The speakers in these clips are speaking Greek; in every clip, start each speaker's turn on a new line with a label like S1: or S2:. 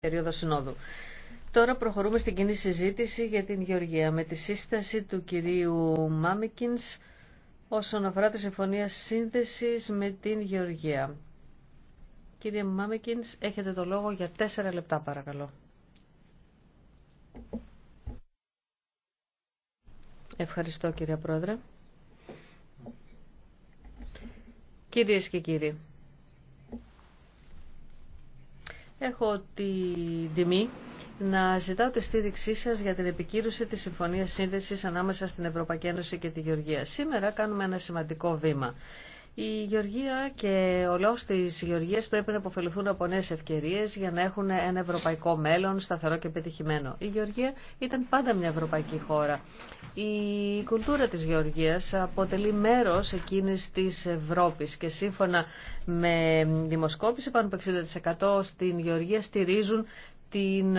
S1: περίοδο συνόδου. Τώρα προχωρούμε στην κοινή συζήτηση για την Γεωργία με τη σύσταση του κυρίου Μάμικινς όσον αφορά τη συμφωνία σύνδεσης με την Γεωργία. Κύριε Μάμικινς, έχετε το λόγο για τέσσερα λεπτά παρακαλώ. Ευχαριστώ κύριε Πρόεδρε. Κυρίες και κύριοι, Έχω την τιμή να ζητάω τη στήριξή σα για την επικύρωση τη Συμφωνία Σύνδεση ανάμεσα στην Ευρωπαϊκή Ένωση και τη Γεωργία. Σήμερα κάνουμε ένα σημαντικό βήμα. Η Γεωργία και ο λόγο τη Γεωργία πρέπει να αποφεληθούν από νέε ευκαιρίες για να έχουν ένα ευρωπαϊκό μέλλον σταθερό και πετυχημένο. Η Γεωργία ήταν πάντα μια ευρωπαϊκή χώρα. Η κουλτούρα της Γεωργίας αποτελεί μέρος εκείνης της Ευρώπης και σύμφωνα με δημοσκόπηση πάνω από 60% στην Γεωργία στηρίζουν την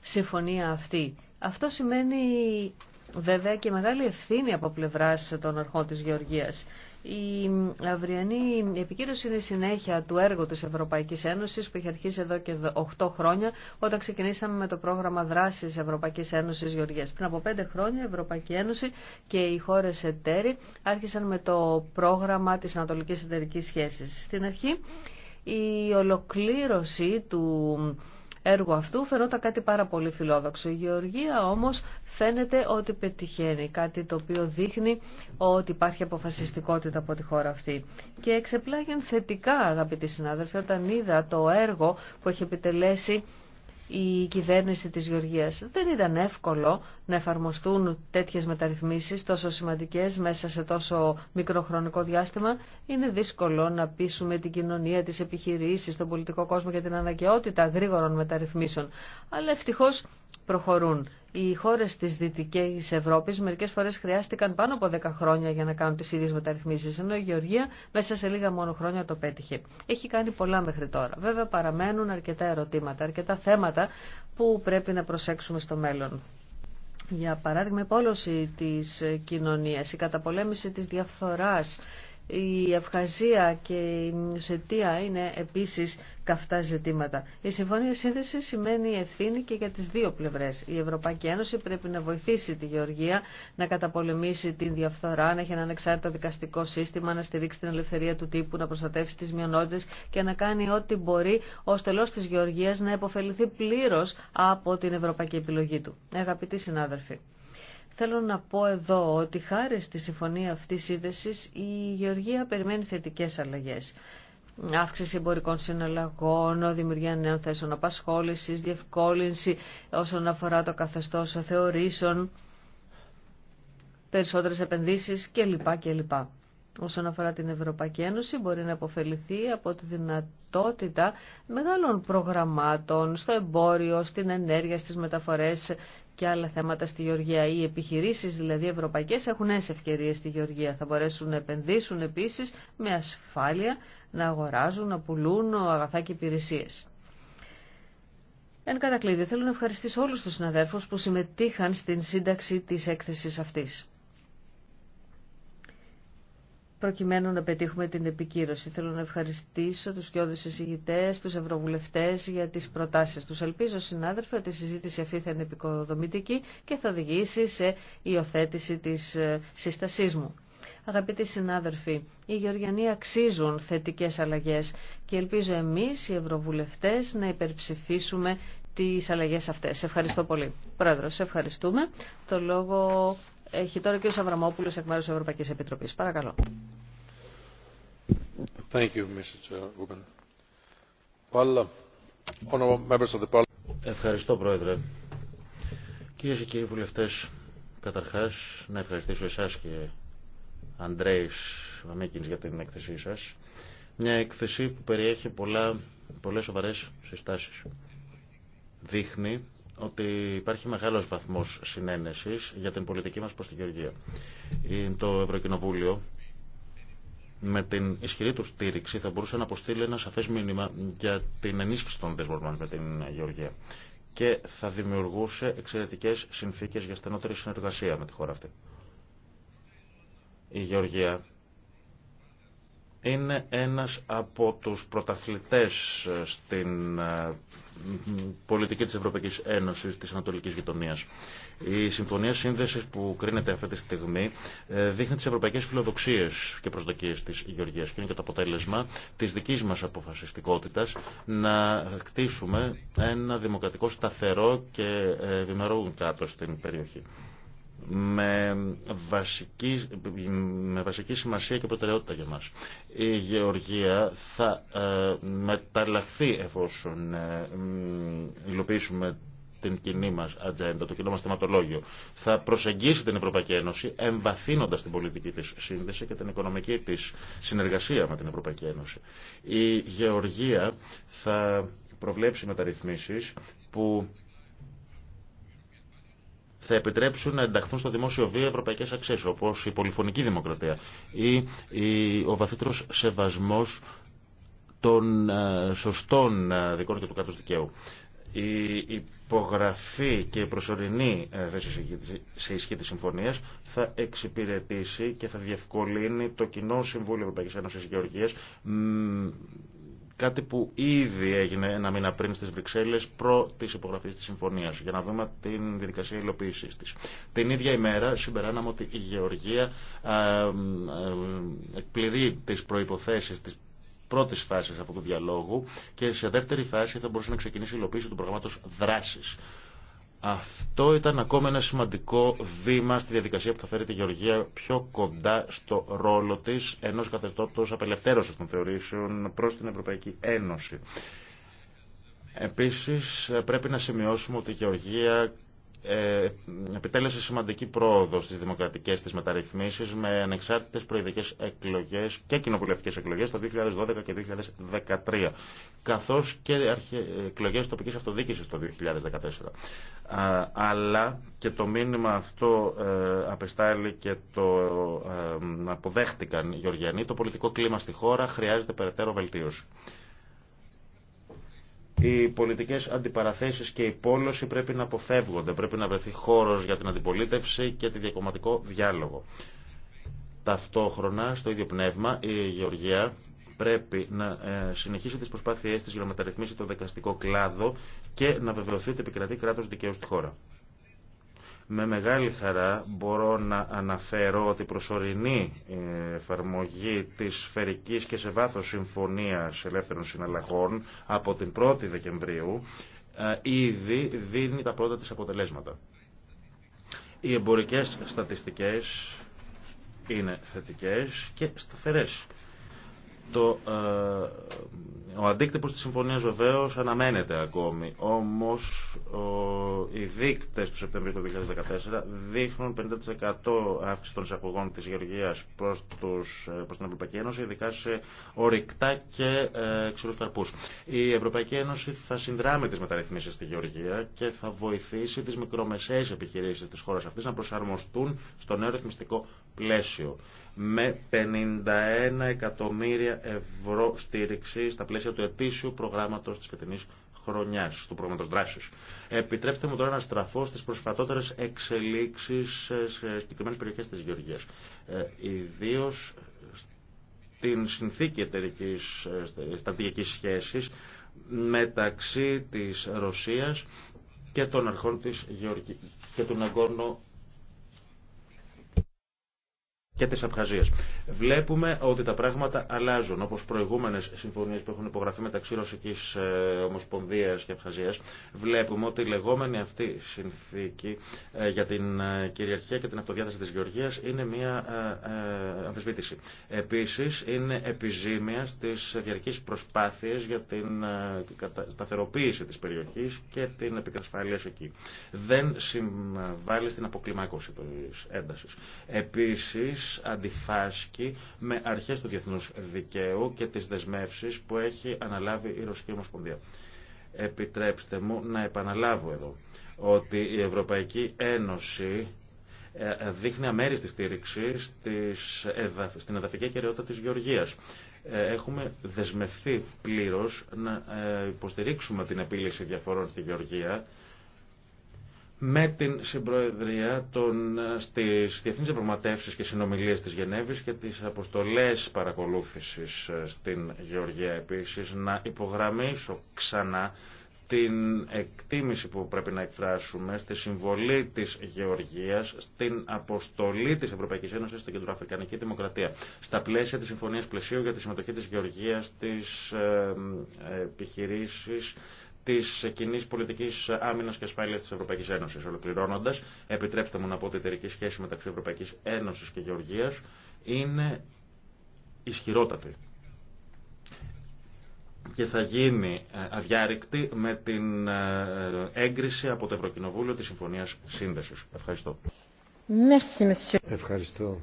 S1: συμφωνία αυτή. Αυτό σημαίνει βέβαια και μεγάλη ευθύνη από πλευράς των αρχών της Γεωργίας. Η αυριανή επικύρωση είναι συνέχεια του έργου της Ευρωπαϊκής Ένωσης που έχει αρχίσει εδώ και 8 χρόνια όταν ξεκινήσαμε με το πρόγραμμα δράσης Ευρωπαϊκής Ένωσης Γεωργίας. Πριν από 5 χρόνια η Ευρωπαϊκή Ένωση και οι χώρες εταίροι άρχισαν με το πρόγραμμα της Ανατολικής Εταιρικής Σχέσης. Στην αρχή η ολοκλήρωση του έργο αυτού φαινόταν κάτι πάρα πολύ φιλόδοξο. Η Γεωργία όμως φαίνεται ότι πετυχαίνει, κάτι το οποίο δείχνει ότι υπάρχει αποφασιστικότητα από τη χώρα αυτή. Και εξεπλάγει θετικά, αγαπητοί συνάδελφοι, όταν είδα το έργο που έχει επιτελέσει η κυβέρνηση της Γεωργίας. Δεν ήταν εύκολο να εφαρμοστούν τέτοιες μεταρρυθμίσεις τόσο σημαντικές μέσα σε τόσο μικροχρονικό διάστημα. Είναι δύσκολο να πείσουμε την κοινωνία, τις επιχειρήσεις, τον πολιτικό κόσμο για την αναγκαιότητα γρήγορων μεταρρυθμίσεων. Αλλά ευτυχώς προχωρούν. Οι χώρες της Δυτικής Ευρώπης μερικές φορές χρειάστηκαν πάνω από 10 χρόνια για να κάνουν τι ίδιε μεταρρυθμίσει, ενώ η Γεωργία μέσα σε λίγα μόνο χρόνια το πέτυχε. Έχει κάνει πολλά μέχρι τώρα. Βέβαια παραμένουν αρκετά ερωτήματα, αρκετά θέματα που πρέπει να προσέξουμε στο μέλλον. Για παράδειγμα, η πόλωση τη κοινωνία, η καταπολέμηση τη διαφθοράς, η Αυχαζία και η Σετία είναι επίσης καυτά ζητήματα. Η Συμφωνία σύνδεση σημαίνει ευθύνη και για τις δύο πλευρές. Η Ευρωπαϊκή Ένωση πρέπει να βοηθήσει τη Γεωργία να καταπολεμήσει την διαφθορά, να έχει ένα ανεξάρτητο δικαστικό σύστημα, να στηρίξει την ελευθερία του τύπου, να προστατεύσει τις μειονότητες και να κάνει ό,τι μπορεί ο στελός της Γεωργίας να επωφεληθεί πλήρως από την ευρωπαϊκή επιλογή του. Αγαπητοί συνάδελφοι. Θέλω να πω εδώ ότι χάρη στη συμφωνία αυτή σύνδεση η Γεωργία περιμένει θετικέ αλλαγέ. Αύξηση εμπορικών συναλλαγών, δημιουργία νέων θέσεων απασχόληση, διευκόλυνση όσον αφορά το καθεστώ θεωρήσεων, περισσότερε επενδύσει κλπ. Όσον αφορά την Ευρωπαϊκή Ένωση, μπορεί να αποφεληθεί από τη δυνατότητα μεγάλων προγραμμάτων στο εμπόριο, στην ενέργεια, στις μεταφορές και άλλα θέματα στη Γεωργία. Οι επιχειρήσεις δηλαδή ευρωπαϊκές έχουν νέε ευκαιρίες στη Γεωργία. Θα μπορέσουν να επενδύσουν επίσης με ασφάλεια, να αγοράζουν, να πουλούν αγαθά και υπηρεσίες. Εν κατακλείδη, θέλω να ευχαριστήσω όλους τους συναδέρφους που συμμετείχαν στην σύνταξη της έκθεσης αυτής προκειμένου να πετύχουμε την επικύρωση. Θέλω να ευχαριστήσω τους κοιόδους εισηγητές, τους ευρωβουλευτές για τις προτάσεις τους. Ελπίζω, συνάδελφε, ότι η συζήτηση αυτή θα είναι επικοδομητική και θα οδηγήσει σε υιοθέτηση της ε, σύστασής μου. Αγαπητοί συνάδελφοι, οι Γεωργιανοί αξίζουν θετικές αλλαγές και ελπίζω εμείς οι ευρωβουλευτές να υπερψηφίσουμε τις αλλαγές αυτές. Ευχαριστώ πολύ. Πρόεδρος, ευχαριστούμε. Το λόγο έχει τώρα ο κ. Αβραμόπουλος εκ μέρους της Ευρωπαϊκής Επιτροπής. Παρακαλώ.
S2: Ευχαριστώ, Πρόεδρε. Κυρίε και κύριοι βουλευτές, καταρχάς να ευχαριστήσω εσάς και Αντρέης Βαμίκη για την έκθεσή σας. Μια έκθεση που περιέχει πολλά, πολλές σοβαρές συστάσεις. Δείχνει ότι υπάρχει μεγάλος βαθμός συνένεσης για την πολιτική μας προς τη Γεωργία. Το Ευρωκοινοβούλιο με την ισχυρή του στήριξη θα μπορούσε να αποστείλει ένα σαφές μήνυμα για την ενίσχυση των δεσμών με την Γεωργία και θα δημιουργούσε εξαιρετικές συνθήκες για στενότερη συνεργασία με τη χώρα αυτή. Η Γεωργία είναι ένας από τους πρωταθλητές στην ε, πολιτική της Ευρωπαϊκής Ένωσης της Ανατολικής Γειτονίας. Η Συμφωνία Σύνδεσης που κρίνεται αυτή τη στιγμή ε, δείχνει τις ευρωπαϊκές φιλοδοξίες και προσδοκίες της Γεωργίας και είναι και το αποτέλεσμα της δικής μας αποφασιστικότητας να χτίσουμε ένα δημοκρατικό σταθερό και ε, δημερό κάτω στην περιοχή με βασική, με βασική σημασία και προτεραιότητα για μας. Η γεωργία θα ε, μεταλλαχθεί εφόσον ε, υλοποιήσουμε την κοινή μα ατζέντα, το κοινό μα θεματολόγιο. Θα προσεγγίσει την Ευρωπαϊκή Ένωση εμβαθύνοντα την πολιτική τη σύνδεση και την οικονομική τη συνεργασία με την Ευρωπαϊκή Ένωση. Η Γεωργία θα προβλέψει μεταρρυθμίσει που θα επιτρέψουν να ενταχθούν στο δημόσιο βίο ευρωπαϊκέ αξίε, όπω η πολυφωνική δημοκρατία ή ο βαθύτερο σεβασμό των ε, σωστών ε, δικών και του κράτου δικαίου. Η υπογραφή και η προσωρινή ε, θέση σε ισχύ τη συμφωνία θα εξυπηρετήσει και θα διευκολύνει το κοινό Συμβούλιο Ευρωπαϊκή Ένωση Γεωργία Κάτι που ήδη έγινε ένα μήνα πριν στι Βρυξέλλε προ τη υπογραφή τη συμφωνία, για να δούμε την διαδικασία υλοποίησή τη. Την ίδια ημέρα συμπεράναμε ότι η Γεωργία εκπληρεί τι προποθέσει τη πρώτη φάση αυτού του διαλόγου και σε δεύτερη φάση θα μπορούσε να ξεκινήσει η υλοποίηση του προγράμματο δράση αυτό ήταν ακόμα ένα σημαντικό βήμα στη διαδικασία που θα φέρει τη Γεωργία πιο κοντά στο ρόλο της ενός καθεστώτο απελευθέρωση των θεωρήσεων προς την Ευρωπαϊκή Ένωση. Επίση, πρέπει να σημειώσουμε ότι η Γεωργία ε, επιτέλεσε σημαντική πρόοδο στις δημοκρατικές της μεταρρυθμίσεις με ανεξάρτητες προεδρικές εκλογές και κοινοβουλευτικές εκλογές το 2012 και 2013 καθώς και εκλογές τοπικής αυτοδιοίκησης το 2014. αλλά και το μήνυμα αυτό ε, απεστάλλει και το ε, αποδέχτηκαν οι Γεωργιανοί, το πολιτικό κλίμα στη χώρα χρειάζεται περαιτέρω βελτίωση. Οι πολιτικέ αντιπαραθέσει και η πόλωση πρέπει να αποφεύγονται. Πρέπει να βρεθεί χώρο για την αντιπολίτευση και τη διακομματικό διάλογο. Ταυτόχρονα, στο ίδιο πνεύμα, η Γεωργία πρέπει να ε, συνεχίσει τι προσπάθειέ τη για να μεταρρυθμίσει το δικαστικό κλάδο και να βεβαιωθεί ότι επικρατεί κράτο δικαίου στη χώρα. Με μεγάλη χαρά μπορώ να αναφέρω ότι η προσωρινή εφαρμογή της φερικής και σε βάθος συμφωνίας ελεύθερων συναλλαγών από την 1η Δεκεμβρίου ε, ήδη δίνει τα πρώτα της αποτελέσματα. Οι εμπορικές στατιστικές είναι θετικές και σταθερές. Το, ε, ο αντίκτυπος της συμφωνίας βεβαίως αναμένεται ακόμη, όμως οι δείκτες του Σεπτεμβρίου του 2014 δείχνουν 50% αύξηση των εισαγωγών της γεωργίας προς, τους, ε, προς την Ευρωπαϊκή Ένωση, ειδικά σε ορυκτά και ε, ξηρούς καρπούς. Η Ευρωπαϊκή Ένωση θα συνδράμει τις μεταρρυθμίσεις στη γεωργία και θα βοηθήσει τις μικρομεσαίες επιχειρήσεις της χώρας αυτής να προσαρμοστούν στο νέο ρυθμιστικό πλαίσιο με 51 εκατομμύρια ευρώ στήριξη στα πλαίσια του ετήσιου προγράμματος της φετινής χρονιάς, του προγράμματος δράσης. Επιτρέψτε μου τώρα να στραφώ στις προσφατότερες εξελίξεις σε συγκεκριμένε περιοχές της Γεωργίας. Ε, ιδίως την συνθήκη εταιρική ε, στρατηγική σχέση μεταξύ της Ρωσίας και των αρχών της Γεωργίας και του και της Απχαζίας. Βλέπουμε ότι τα πράγματα αλλάζουν, όπως προηγούμενες συμφωνίες που έχουν υπογραφεί μεταξύ Ρωσικής ε, Ομοσπονδίας και Απχαζίας. Βλέπουμε ότι η λεγόμενη αυτή συνθήκη ε, για την ε, κυριαρχία και την αυτοδιάθεση της Γεωργίας είναι μια αμφισβήτηση. Επίσης, είναι επιζήμια στις διαρκείς προσπάθειες για την σταθεροποίηση της περιοχής και την επικασφάλεια εκεί. Δεν συμβάλλει στην αποκλιμάκωση της έντασης. Επίσης, αντιφάσκει με αρχές του διεθνούς δικαίου και τις δεσμεύσεις που έχει αναλάβει η Ρωσική Ομοσπονδία. Επιτρέψτε μου να επαναλάβω εδώ ότι η Ευρωπαϊκή Ένωση ε, ε, δείχνει αμέριστη στήριξη στην εδαφική κυριότητα της Γεωργίας. Ε, έχουμε δεσμευθεί πλήρως να υποστηρίξουμε την επίλυση διαφορών στη Γεωργία με την συμπροεδρία των, στις διεθνείς διαπραγματεύσεις και συνομιλίες της Γενέβης και τις αποστολές παρακολούθησης ε, στην Γεωργία επίσης να υπογραμμίσω ξανά την εκτίμηση που πρέπει να εκφράσουμε στη συμβολή της Γεωργίας στην αποστολή της Ευρωπαϊκής Ένωσης στην Κεντροαφρικανική Δημοκρατία στα πλαίσια της Συμφωνίας Πλαισίου για τη συμμετοχή της Γεωργίας στις ε, ε, επιχειρήσεις τη κοινή πολιτική άμυνα και ασφάλεια τη Ευρωπαϊκή Ένωση. Ολοκληρώνοντα, επιτρέψτε μου να πω ότι η εταιρική σχέση μεταξύ Ευρωπαϊκή Ένωση και Γεωργία είναι ισχυρότατη και θα γίνει ε, αδιάρρηκτη με την ε, έγκριση από το Ευρωκοινοβούλιο της Συμφωνίας Σύνδεση. Ευχαριστώ.
S3: Ευχαριστώ.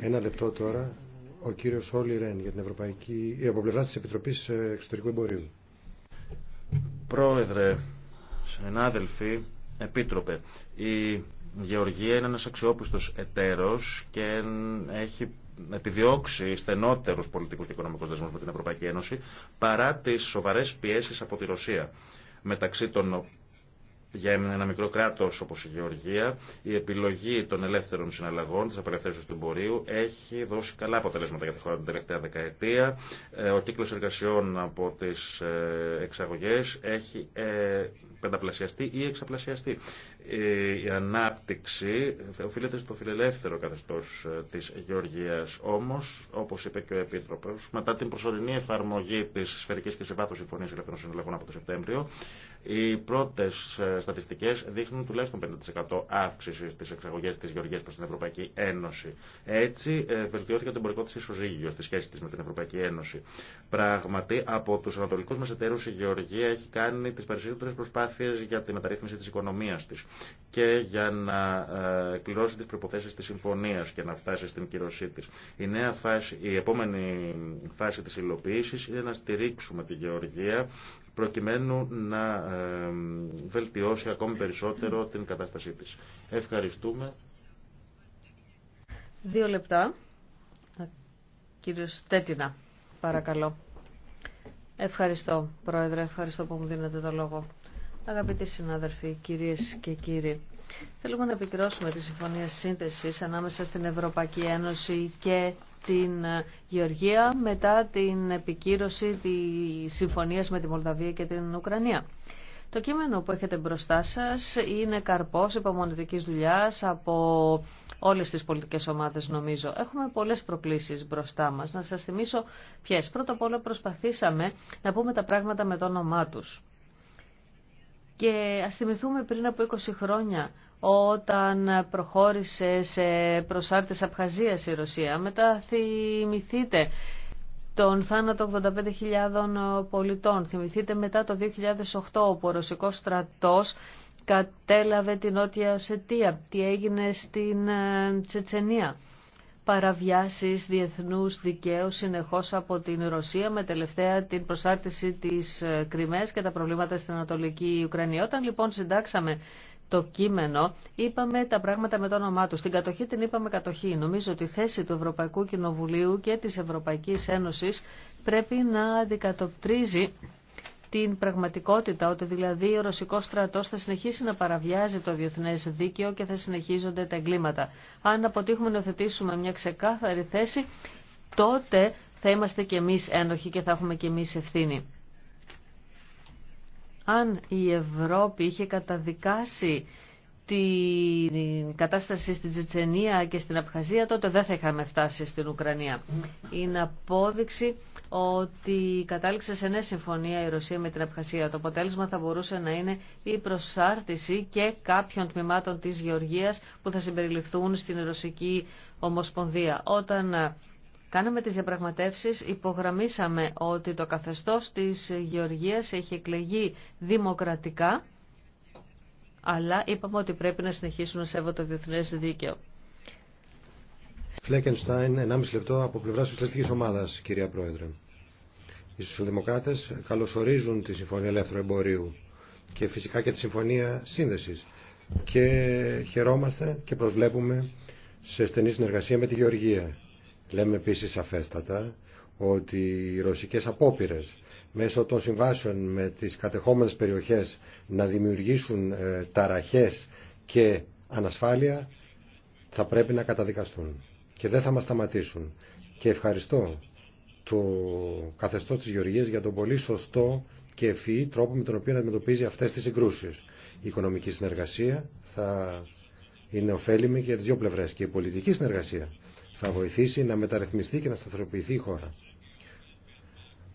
S3: Ένα λεπτό τώρα ο κύριος Όλι για την Ευρωπαϊκή, ε, από Επιτροπής Εξωτερικού Εμπορίου.
S2: Πρόεδρε, συνάδελφοι, επίτροπε, η Γεωργία είναι ένας αξιόπιστος εταίρος και έχει επιδιώξει στενότερους πολιτικούς και οικονομικούς δεσμούς με την Ευρωπαϊκή Ένωση παρά τις σοβαρές πιέσεις από τη Ρωσία μεταξύ των για ένα μικρό κράτο όπω η Γεωργία, η επιλογή των ελεύθερων συναλλαγών, τη απελευθέρωση του εμπορίου, έχει δώσει καλά αποτελέσματα για τη χώρα την τελευταία δεκαετία. Ε, ο κύκλο εργασιών από τι ε, εξαγωγέ έχει ε, πενταπλασιαστεί ή εξαπλασιαστεί η ανάπτυξη οφείλεται στο φιλελεύθερο καθεστώς ε, της Γεωργίας. Όμως, όπως είπε και ο Επίτροπος, μετά την προσωρινή εφαρμογή της Σφαιρικής και Συμβάθους Συμφωνίας Ελεύθερων Συνολόγων από το Σεπτέμβριο, οι πρώτες ε, στατιστικές δείχνουν τουλάχιστον 50% αύξηση στις εξαγωγές της Γεωργίας προς την Ευρωπαϊκή Ένωση. Έτσι, ε, βελτιώθηκε το εμπορικό της ισοζύγιο στη σχέση της με την Ευρωπαϊκή Ένωση. Πράγματι, από τους ανατολικούς μας εταίρους η Γεωργία έχει κάνει τις περισσότερες προσπάθειες για τη μεταρρύθμιση της οικονομίας της και για να ε, εκπληρώσει τις προϋποθέσεις της συμφωνίας και να φτάσει στην κύρωσή της. Η, νέα φάση, η επόμενη φάση της υλοποίησης είναι να στηρίξουμε τη γεωργία προκειμένου να ε, βελτιώσει ακόμη περισσότερο την κατάστασή της. Ευχαριστούμε.
S1: Δύο λεπτά. Κύριος Τέτινα, παρακαλώ. Ευχαριστώ, Πρόεδρε. Ευχαριστώ που μου δίνετε το λόγο. Αγαπητοί συνάδελφοι, κυρίες και κύριοι, θέλουμε να επικυρώσουμε τη Συμφωνία Σύνθεσης ανάμεσα στην Ευρωπαϊκή Ένωση και την ε, Γεωργία μετά την επικύρωση τη Συμφωνίας με τη Μολδαβία και την Ουκρανία. Το κείμενο που έχετε μπροστά σα είναι καρπός υπομονετική δουλειά από όλες τις πολιτικές ομάδες νομίζω. Έχουμε πολλέ προκλήσει μπροστά μα Να σα θυμίσω ποιε. Πρώτα απ' όλα προσπαθήσαμε να πούμε τα πράγματα με το όνομά του. Και ας θυμηθούμε πριν από 20 χρόνια όταν προχώρησε σε προσάρτης Απχαζίας η Ρωσία. Μετά θυμηθείτε τον θάνατο 85.000 πολιτών. Θυμηθείτε μετά το 2008 όπου ο Ρωσικός στρατός κατέλαβε την Νότια Σετία. Τι έγινε στην ε, Τσετσενία παραβιάσεις διεθνούς δικαίου συνεχώς από την Ρωσία με τελευταία την προσάρτηση της ε, Κρυμαίας και τα προβλήματα στην Ανατολική Ουκρανία. Όταν λοιπόν συντάξαμε το κείμενο, είπαμε τα πράγματα με το όνομά του. Στην κατοχή την είπαμε κατοχή. Νομίζω ότι η θέση του Ευρωπαϊκού Κοινοβουλίου και της Ευρωπαϊκής Ένωσης πρέπει να αντικατοπτρίζει την πραγματικότητα ότι δηλαδή ο ρωσικός στρατός θα συνεχίσει να παραβιάζει το διεθνές δίκαιο και θα συνεχίζονται τα εγκλήματα. Αν αποτύχουμε να θετήσουμε μια ξεκάθαρη θέση, τότε θα είμαστε και εμείς ένοχοι και θα έχουμε και εμείς ευθύνη. Αν η Ευρώπη είχε καταδικάσει την κατάσταση στην Τσετσενία και στην Απχαζία, τότε δεν θα είχαμε φτάσει στην Ουκρανία. Είναι απόδειξη ότι κατάληξε σε νέα συμφωνία η Ρωσία με την Απχασία. Το αποτέλεσμα θα μπορούσε να είναι η προσάρτηση και κάποιων τμήματων της Γεωργίας που θα συμπεριληφθούν στην Ρωσική Ομοσπονδία. Όταν ε, κάναμε τις διαπραγματεύσεις, υπογραμμίσαμε ότι το καθεστώς της Γεωργίας έχει εκλεγεί δημοκρατικά αλλά είπαμε ότι πρέπει να συνεχίσουν να σέβονται το διεθνέ δίκαιο.
S3: Φλέκενστάιν, 1,5 λεπτό από πλευρά Σοσιαλιστική Ομάδα, κυρία Πρόεδρε. Οι Σοσιαλδημοκράτε καλωσορίζουν τη Συμφωνία Ελεύθερου Εμπορίου και φυσικά και τη Συμφωνία Σύνδεση. Και χαιρόμαστε και προσβλέπουμε σε στενή συνεργασία με τη Γεωργία. Λέμε επίση αφέστατα ότι οι ρωσικέ απόπειρε μέσω των συμβάσεων με τις κατεχόμενες περιοχές να δημιουργήσουν ε, ταραχές και ανασφάλεια θα πρέπει να καταδικαστούν και δεν θα μας σταματήσουν. Και ευχαριστώ το καθεστώς της Γεωργίας για τον πολύ σωστό και ευφυή τρόπο με τον οποίο αντιμετωπίζει αυτές τις συγκρούσεις. Η οικονομική συνεργασία θα είναι ωφέλιμη και για τις δύο πλευρές και η πολιτική συνεργασία θα βοηθήσει να μεταρρυθμιστεί και να σταθεροποιηθεί η χώρα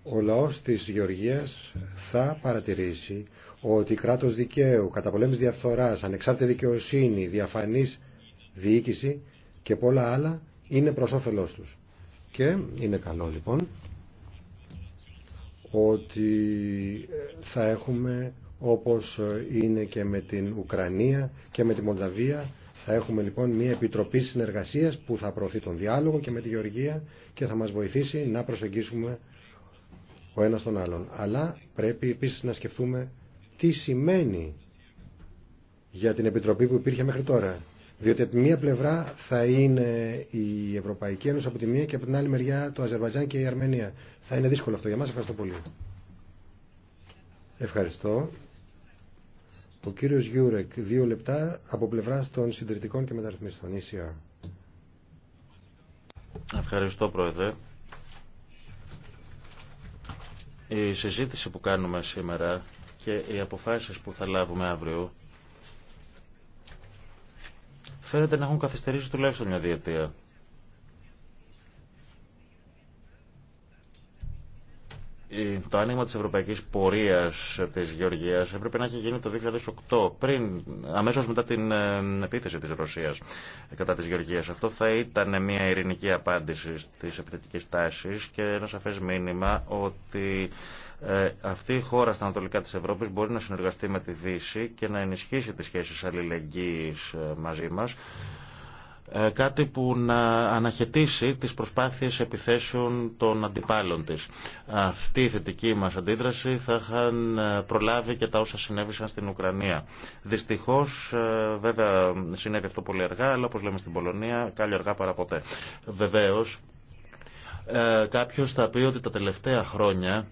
S3: ο λαός της Γεωργίας θα παρατηρήσει ότι κράτος δικαίου, καταπολέμηση διαφθοράς, ανεξάρτητη δικαιοσύνη, διαφανής διοίκηση και πολλά άλλα είναι προς όφελός τους. Και είναι καλό λοιπόν ότι ε, θα έχουμε όπως είναι και με την Ουκρανία και με τη Μολδαβία θα έχουμε λοιπόν μια επιτροπή συνεργασίας που θα προωθεί τον διάλογο και με τη Γεωργία και θα μας βοηθήσει να προσεγγίσουμε ο ένας τον άλλον. Αλλά πρέπει επίσης να σκεφτούμε τι σημαίνει για την Επιτροπή που υπήρχε μέχρι τώρα. Διότι από μία πλευρά θα είναι η Ευρωπαϊκή Ένωση από τη μία και από την άλλη μεριά το Αζερβαϊτζάν και η Αρμενία. Θα είναι δύσκολο αυτό για μας. Ευχαριστώ πολύ. Ευχαριστώ. Ο κύριος Γιούρεκ, δύο λεπτά από πλευρά των συντηρητικών και μεταρρυθμιστών.
S2: Ευχαριστώ, Πρόεδρε. Η συζήτηση που κάνουμε σήμερα και οι αποφάσεις που θα λάβουμε αύριο φαίνεται να έχουν καθυστερήσει τουλάχιστον μια διετία. Ε, το άνοιγμα της ευρωπαϊκής πορείας της Γεωργίας έπρεπε να έχει γίνει το 2008, πριν, αμέσως μετά την ε, επίθεση της Ρωσίας κατά της Γεωργίας. Αυτό θα ήταν μια ειρηνική απάντηση στις επιθετικές τάσεις και ένα σαφές μήνυμα ότι ε, αυτή η χώρα στα ανατολικά της Ευρώπης μπορεί να συνεργαστεί με τη Δύση και να ενισχύσει τις σχέσεις αλληλεγγύης μαζί μας ε, κάτι που να αναχαιτήσει τις προσπάθειες επιθέσεων των αντιπάλων της. Αυτή η θετική μας αντίδραση θα είχαν ε, προλάβει και τα όσα συνέβησαν στην Ουκρανία. Δυστυχώς, ε, βέβαια συνέβη αυτό πολύ αργά, αλλά όπως λέμε στην Πολωνία, καλή αργά παρά ποτέ. Βεβαίως, κάποιος θα πει ότι τα τελευταία χρόνια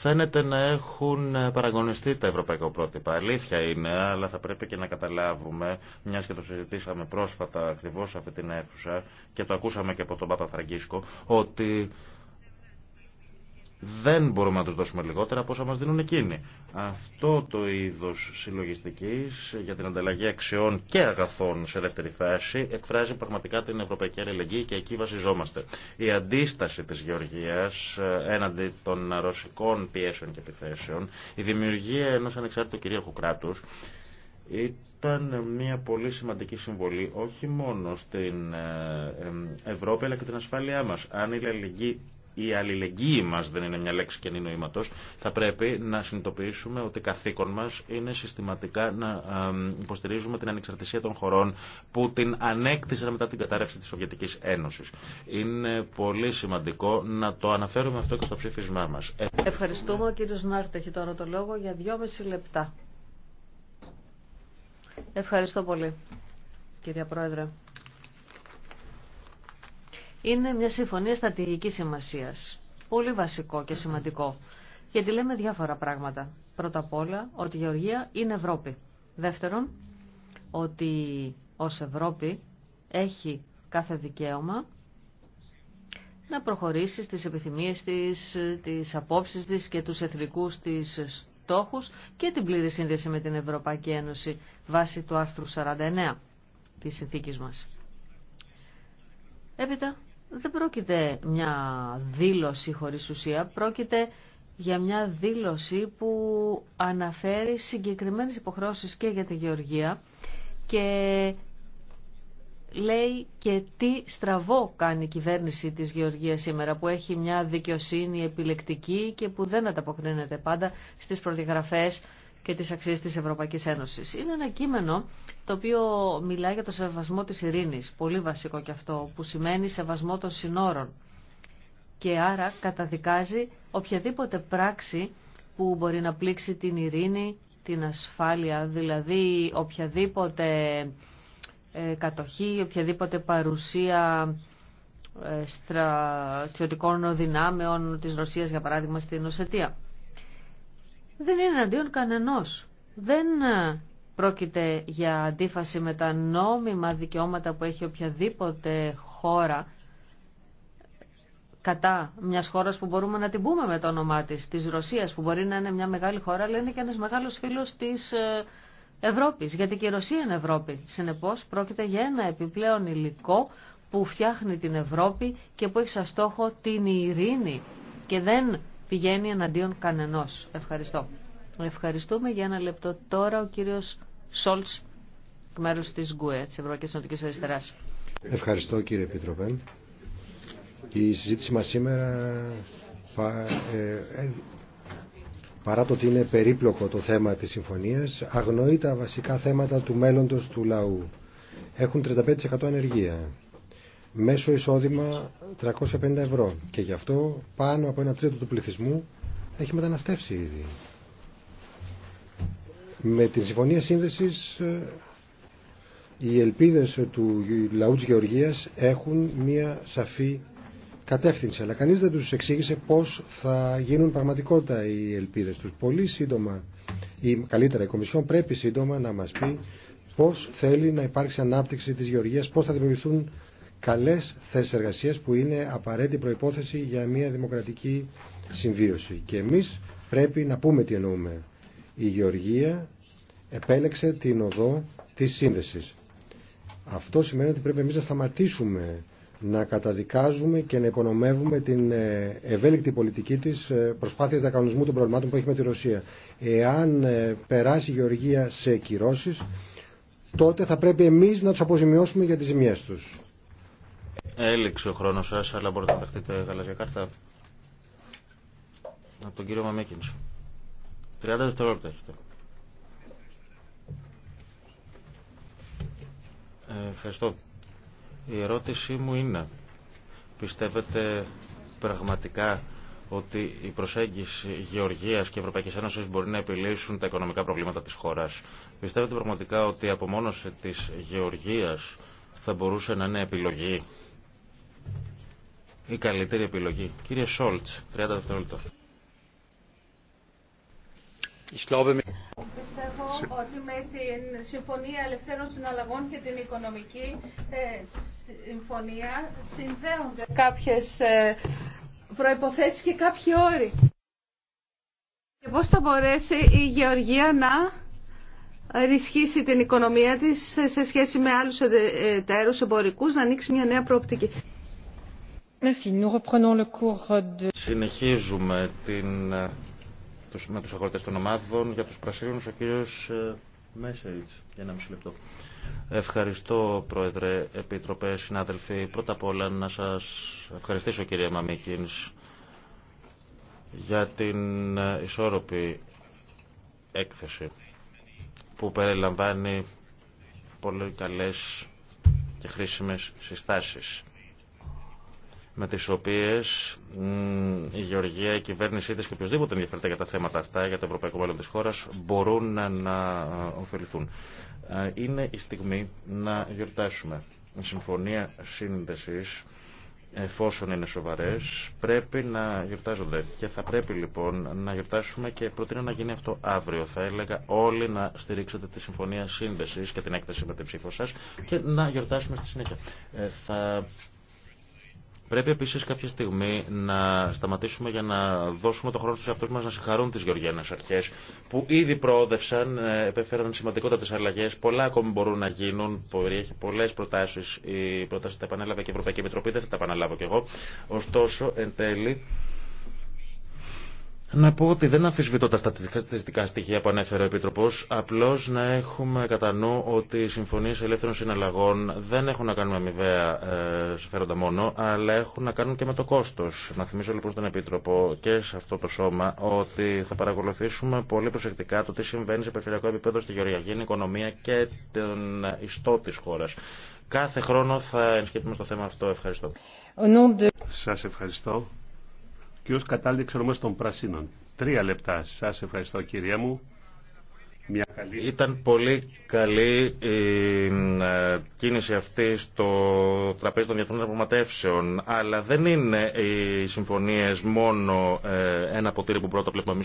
S2: Φαίνεται να έχουν παραγωνιστεί τα ευρωπαϊκά πρότυπα. Αλήθεια είναι, αλλά θα πρέπει και να καταλάβουμε, μια και το συζητήσαμε πρόσφατα ακριβώ σε αυτή την αίθουσα και το ακούσαμε και από τον Πάπα Φραγκίσκο, ότι δεν μπορούμε να τους δώσουμε λιγότερα από όσα μας δίνουν εκείνοι. Αυτό το είδος συλλογιστικής για την ανταλλαγή αξιών και αγαθών σε δεύτερη φάση εκφράζει πραγματικά την ευρωπαϊκή αλληλεγγύη και εκεί βασιζόμαστε. Η αντίσταση της Γεωργίας ε, έναντι των ρωσικών πιέσεων και επιθέσεων, η δημιουργία ενός ανεξάρτητου κυρίαρχου κράτους, ήταν μια πολύ σημαντική συμβολή όχι μόνο στην ε, ε, Ευρώπη αλλά και την ασφάλειά μας. Αν η αλληλεγγύη η αλληλεγγύη μας δεν είναι μια λέξη καινή νοήματος, θα πρέπει να συνειδητοποιήσουμε ότι καθήκον μας είναι συστηματικά να υποστηρίζουμε την ανεξαρτησία των χωρών που την ανέκτησαν μετά την κατάρρευση της Σοβιετικής Ένωσης. Είναι πολύ σημαντικό να το αναφέρουμε αυτό και στο ψήφισμά μας. Ε, Ευχαριστούμε.
S1: Ο κύριος Νάρτ έχει τώρα το λόγο για δυόμιση λεπτά. Ευχαριστώ πολύ, κυρία Πρόεδρε είναι μια συμφωνία στρατηγική σημασία. Πολύ βασικό και σημαντικό. Γιατί λέμε διάφορα πράγματα. Πρώτα απ' όλα ότι η Γεωργία είναι Ευρώπη. Δεύτερον, ότι ως Ευρώπη έχει κάθε δικαίωμα να προχωρήσει στις επιθυμίες της, τις απόψεις της και τους εθνικούς της στόχους και την πλήρη σύνδεση με την Ευρωπαϊκή Ένωση βάσει του άρθρου 49 της συνθήκης μας. Έπειτα, δεν πρόκειται μια δήλωση χωρίς ουσία, πρόκειται για μια δήλωση που αναφέρει συγκεκριμένες υποχρώσεις και για τη Γεωργία και λέει και τι στραβό κάνει η κυβέρνηση της Γεωργίας σήμερα που έχει μια δικαιοσύνη επιλεκτική και που δεν ανταποκρίνεται πάντα στις προδιαγραφές και τις αξίες της Ευρωπαϊκής Ένωσης. Είναι ένα κείμενο το οποίο μιλάει για το σεβασμό της ειρήνης, πολύ βασικό και αυτό, που σημαίνει σεβασμό των συνόρων και άρα καταδικάζει οποιαδήποτε πράξη που μπορεί να πλήξει την ειρήνη, την ασφάλεια, δηλαδή οποιαδήποτε ε, κατοχή, οποιαδήποτε παρουσία ε, στρατιωτικών δυνάμεων της Ρωσίας, για παράδειγμα, στην Οσετία δεν είναι αντίον κανενός. Δεν ε, πρόκειται για αντίφαση με τα νόμιμα δικαιώματα που έχει οποιαδήποτε χώρα κατά μια χώρα που μπορούμε να την πούμε με το όνομά τη, τη Ρωσία, που μπορεί να είναι μια μεγάλη χώρα, αλλά είναι και ένα μεγάλο φίλο τη ε, Ευρώπη. Γιατί και η Ρωσία είναι Ευρώπη. Συνεπώ, πρόκειται για ένα επιπλέον υλικό που φτιάχνει την Ευρώπη και που έχει σαν στόχο την ειρήνη και δεν πηγαίνει εναντίον κανενός. Ευχαριστώ. Ευχαριστούμε για ένα λεπτό τώρα ο κύριος Σόλτς, εκ μέρους της ΓΚΟΕ, της Ευρωπαϊκής Νοτικής Αριστεράς.
S3: Ευχαριστώ κύριε Επίτροπε. Η συζήτηση μας σήμερα, ε, ε, παρά το ότι είναι περίπλοκο το θέμα της συμφωνίας, αγνοεί τα βασικά θέματα του μέλλοντος του λαού. Έχουν 35% ανεργία μέσο εισόδημα 350 ευρώ και γι' αυτό πάνω από ένα τρίτο του πληθυσμού έχει μεταναστεύσει ήδη. Με την Συμφωνία Σύνδεσης ε, οι ελπίδες του λαού της Γεωργίας έχουν μία σαφή κατεύθυνση, αλλά κανείς δεν τους εξήγησε πώς θα γίνουν πραγματικότητα οι ελπίδες τους. Πολύ σύντομα, ή καλύτερα η Κομισιόν πρέπει σύντομα να μας πει πώς θέλει να υπάρξει ανάπτυξη της Γεωργίας, πώς θα δημιουργηθούν καλές θέσεις εργασίας που είναι απαραίτητη προϋπόθεση για μια δημοκρατική συμβίωση. Και εμείς πρέπει να πούμε τι εννοούμε. Η Γεωργία επέλεξε την οδό της σύνδεσης. Αυτό σημαίνει ότι πρέπει εμείς να σταματήσουμε να καταδικάζουμε και να υπονομεύουμε την ε, ευέλικτη πολιτική της ε, προσπάθειας διακανονισμού των προβλημάτων που έχει με τη Ρωσία. Εάν ε, περάσει η Γεωργία σε κυρώσεις, τότε θα πρέπει εμείς να τους αποζημιώσουμε για τις ζημιές
S2: τους. Έληξε ο χρόνος σα, αλλά μπορείτε να δεχτείτε γαλαζιά κάρτα. Από τον κύριο Μαμίκινς. 30 δευτερόλεπτα έχετε. Ε, ευχαριστώ. Η ερώτησή μου είναι, πιστεύετε πραγματικά ότι η προσέγγιση Γεωργίας και Ευρωπαϊκής Ένωσης μπορεί να επιλύσουν τα οικονομικά προβλήματα της χώρας. Πιστεύετε πραγματικά ότι η απομόνωση της Γεωργίας θα μπορούσε να είναι επιλογή η καλύτερη επιλογή. Κύριε Σόλτ, 30 δευτερόλεπτα. Πιστεύω ότι
S4: με την Συμφωνία Ελευθέρων Συναλλαγών και την Οικονομική ε, Συμφωνία συνδέονται κάποιες ε, προϋποθέσεις και κάποιοι όροι. Και πώς θα μπορέσει η Γεωργία να ενισχύσει την οικονομία της σε σχέση με άλλους εταίρους εμπορικούς, να ανοίξει μια νέα προοπτική.
S2: Συνεχίζουμε την, ε, με τους αγόρτες των ομάδων για τους πρασίνους ο κύριος ε, Μέσεριτς για ένα μισή Ευχαριστώ Πρόεδρε, Επίτροπε, συνάδελφοι. Πρώτα απ' όλα να σας ευχαριστήσω κυρία Μαμίκινς για την ε, ισόρροπη έκθεση που περιλαμβάνει πολύ καλές και χρήσιμες συστάσεις με τις οποίες η Γεωργία, η κυβέρνησή της και οποιοδήποτε ενδιαφέρεται για τα θέματα αυτά, για το ευρωπαϊκό μέλλον της χώρας, μπορούν να, να ε, ωφεληθούν. Ε, είναι η στιγμή να γιορτάσουμε. Η συμφωνία σύνδεσης, εφόσον είναι σοβαρές, πρέπει να γιορτάζονται. Και θα πρέπει λοιπόν να γιορτάσουμε και προτείνω να γίνει αυτό αύριο. Θα έλεγα όλοι να στηρίξετε τη συμφωνία σύνδεσης και την έκθεση με την ψήφο σας και να γιορτάσουμε στη συνέχεια. Ε, θα Πρέπει επίση κάποια στιγμή να σταματήσουμε για να δώσουμε το χρόνο στου εαυτού μα να συγχαρούν τι Γεωργιανέ Αρχέ που ήδη προόδευσαν, ε, επέφεραν σημαντικότατε αλλαγέ. Πολλά ακόμη μπορούν να γίνουν. έχει πολλέ προτάσει. Οι προτάσει τα επανέλαβε και η Ευρωπαϊκή Επιτροπή, δεν θα τα επαναλάβω κι εγώ. Ωστόσο, εν τέλει, να πω ότι δεν αφισβητώ τα στατιστικά στοιχεία που ανέφερε ο Επίτροπο, απλώ να έχουμε κατά νου ότι οι συμφωνίε ελεύθερων συναλλαγών δεν έχουν να κάνουν με αμοιβαία ε, συμφέροντα μόνο, αλλά έχουν να κάνουν και με το κόστο. Να θυμίσω λοιπόν στον Επίτροπο και σε αυτό το σώμα ότι θα παρακολουθήσουμε πολύ προσεκτικά το τι συμβαίνει σε περιφερειακό επίπεδο στη γεωργιακή οικονομία και τον ιστό τη χώρα. Κάθε χρόνο θα ενσκέπτουμε στο θέμα αυτό. Ευχαριστώ. Σα ευχαριστώ.
S5: Κατάληξε Κατάλτη, εξορμός των Πρασίνων. Τρία λεπτά. Σας ευχαριστώ κυρία μου.
S2: Μια καλή... Ήταν πολύ καλή η ε, κίνηση αυτή στο τραπέζι των διεθνών διαπραγματεύσεων, αλλά δεν είναι οι συμφωνίες μόνο ε, ένα ποτήρι που πρώτα βλέπουμε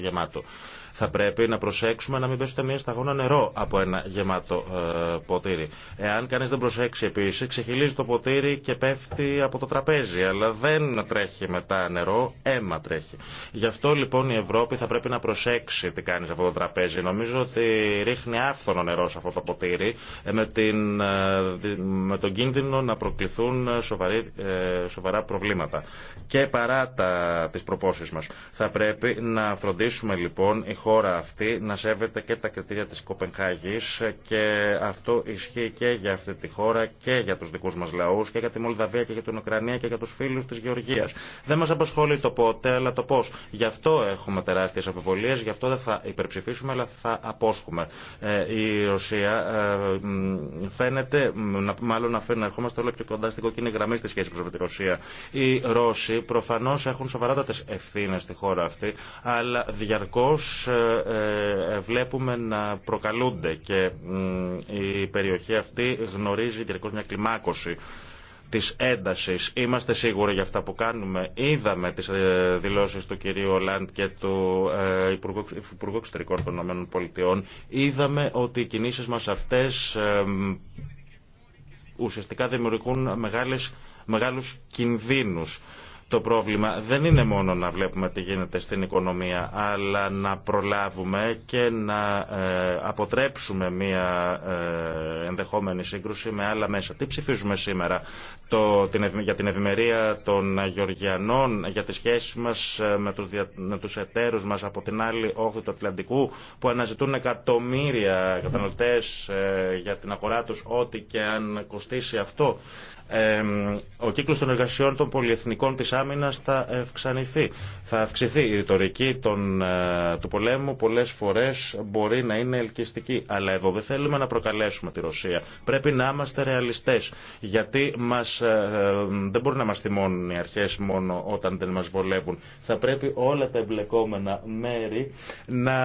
S2: γεμάτο. Θα πρέπει να προσέξουμε να μην πέσει μία σταγόνα νερό από ένα γεμάτο ε, ποτήρι. Εάν κανεί δεν προσέξει επίση, ξεχυλίζει το ποτήρι και πέφτει από το τραπέζι, αλλά δεν τρέχει μετά νερό, αίμα τρέχει. Γι' αυτό λοιπόν η Ευρώπη θα πρέπει να προσέξει τι κάνει σε αυτό το τραπέζι. Νομίζω ότι ρίχνει άφθονο νερό σε αυτό το ποτήρι ε, με, την, ε, με τον κίνδυνο να προκληθούν σοβαρά προβλήματα. Και παρά τα, τις προπόσεις μας. Θα πρέπει να φροντίσουμε λοιπόν χώρα αυτή να σέβεται και τα κριτήρια της Κοπενχάγης και αυτό ισχύει και για αυτή τη χώρα και για τους δικούς μας λαούς και για τη Μολδαβία και για την Ουκρανία και για τους φίλους της Γεωργίας. Δεν μας απασχολεί το πότε αλλά το πώς. Γι' αυτό έχουμε τεράστιες αποβολίες, γι' αυτό δεν θα υπερψηφίσουμε αλλά θα απόσχουμε. Ε, η Ρωσία ε, φαίνεται, μάλλον να φαίνεται, ερχόμαστε όλο και κοντά στην κοκκίνη γραμμή στη σχέση με τη Ρωσία. Οι Ρώσοι προφανώς έχουν σοβαρότατες ευθύνε στη χώρα αυτή, αλλά διαρκώς ε, ε, βλέπουμε να προκαλούνται και η περιοχή αυτή γνωρίζει και μια κλιμάκωση της έντασης. Είμαστε σίγουροι για αυτά που κάνουμε. Είδαμε τις ε, δηλώσεις του κυρίου Ολάντ και του Υπουργού, Υπουργού Εξωτερικών των ΗΠΑ. Είδαμε ότι οι κινήσεις μας αυτές ουσιαστικά δημιουργούν μεγάλες, μεγάλους κινδύνους το πρόβλημα δεν είναι μόνο να βλέπουμε τι γίνεται στην οικονομία, αλλά να προλάβουμε και να ε, αποτρέψουμε μια ε, ενδεχόμενη σύγκρουση με άλλα μέσα. Τι ψηφίζουμε σήμερα την, για την ευημερία των Γεωργιανών, για τις σχέσεις μας ε, με τους, με τους εταίρους μας από την άλλη όχθη του Ατλαντικού, που αναζητούν εκατομμύρια καταναλωτές για την αγορά τους, ό,τι και αν κοστίσει αυτό ο κύκλος των εργασιών των πολυεθνικών της άμυνας θα αυξανηθεί. Θα αυξηθεί η ρητορική των, ε, του πολέμου πολλές φορές μπορεί να είναι ελκυστική. Αλλά εδώ δεν θέλουμε να προκαλέσουμε τη Ρωσία. Πρέπει να είμαστε ρεαλιστές. Γιατί μας, ε, ε, δεν μπορεί να μας θυμώνουν οι αρχές μόνο όταν δεν μας βολεύουν. Θα πρέπει όλα τα εμπλεκόμενα μέρη να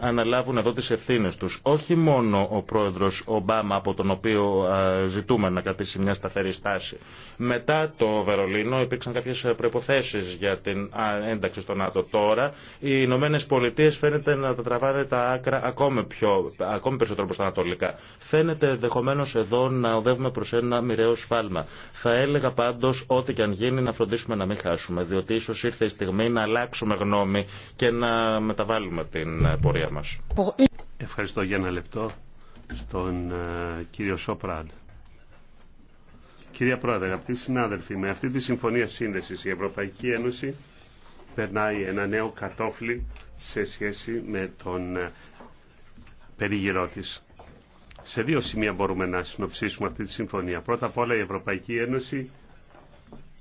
S2: αναλάβουν εδώ τις ευθύνες τους. Όχι μόνο ο πρόεδρος Ομπάμα από τον οποίο ζητούμε να κρατήσει μια σταθερή στάση. Μετά το Βερολίνο υπήρξαν κάποιε προποθέσει για την ένταξη στο ΝΑΤΟ. Τώρα οι Ηνωμένε Πολιτείε φαίνεται να τα τραβάνε τα άκρα ακόμη, πιο, ακόμη περισσότερο προ τα ανατολικά. Φαίνεται ενδεχομένω εδώ να οδεύουμε προ ένα μοιραίο σφάλμα. Θα έλεγα πάντω ό,τι και αν γίνει να φροντίσουμε να μην χάσουμε, διότι ίσω ήρθε η στιγμή να αλλάξουμε γνώμη και να μεταβάλουμε την πορεία μα. Ευχαριστώ για ένα λεπτό στον ε, κύριο Σόπραντ.
S5: Κυρία Πρόεδρε, αγαπητοί συνάδελφοι, με αυτή τη Συμφωνία Σύνδεσης η Ευρωπαϊκή Ένωση περνάει ένα νέο κατόφλι σε σχέση με τον ε, περιγυρό τη. Σε δύο σημεία μπορούμε να συνοψίσουμε αυτή τη συμφωνία. Πρώτα απ' όλα η Ευρωπαϊκή Ένωση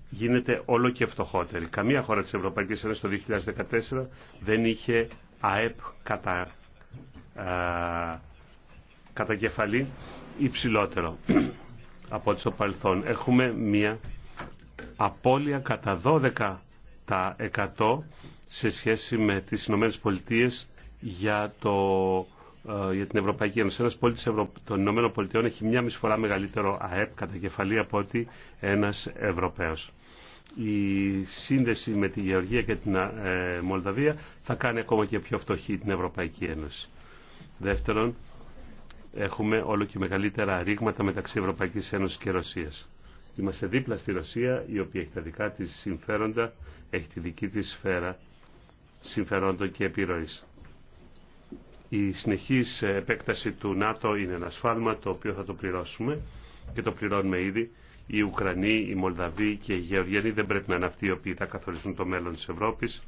S5: γίνεται όλο και φτωχότερη. Καμία χώρα της Ευρωπαϊκής Ένωσης το 2014 δεν είχε ΑΕΠ κατά, α, ε, κατά κεφαλή υψηλότερο από ό,τι στο παρελθόν. Έχουμε μια απώλεια κατά 12% σε σχέση με τις Ηνωμένες Πολιτείες για, το, ε, για την Ευρωπαϊκή Ένωση. Ένας πολίτης των Ηνωμένων Πολιτειών έχει μία μισή φορά μεγαλύτερο ΑΕΠ κατά κεφαλή από ότι ένας Ευρωπαίος. Η σύνδεση με τη Γεωργία και την ε, Μολδαβία θα κάνει ακόμα και πιο φτωχή την Ευρωπαϊκή Ένωση. Δεύτερον, έχουμε όλο και μεγαλύτερα ρήγματα μεταξύ Ευρωπαϊκής Ένωσης και Ρωσίας. Είμαστε δίπλα στη Ρωσία, η οποία έχει τα δικά της συμφέροντα, έχει τη δική της σφαίρα συμφερόντων και επιρροής. Η συνεχής επέκταση του ΝΑΤΟ είναι ένα σφάλμα το οποίο θα το πληρώσουμε και το πληρώνουμε ήδη. Οι Ουκρανοί, οι Μολδαβοί και οι Γεωργιανοί δεν πρέπει να είναι αυτοί οι οποίοι θα καθορίσουν το μέλλον της Ευρώπης.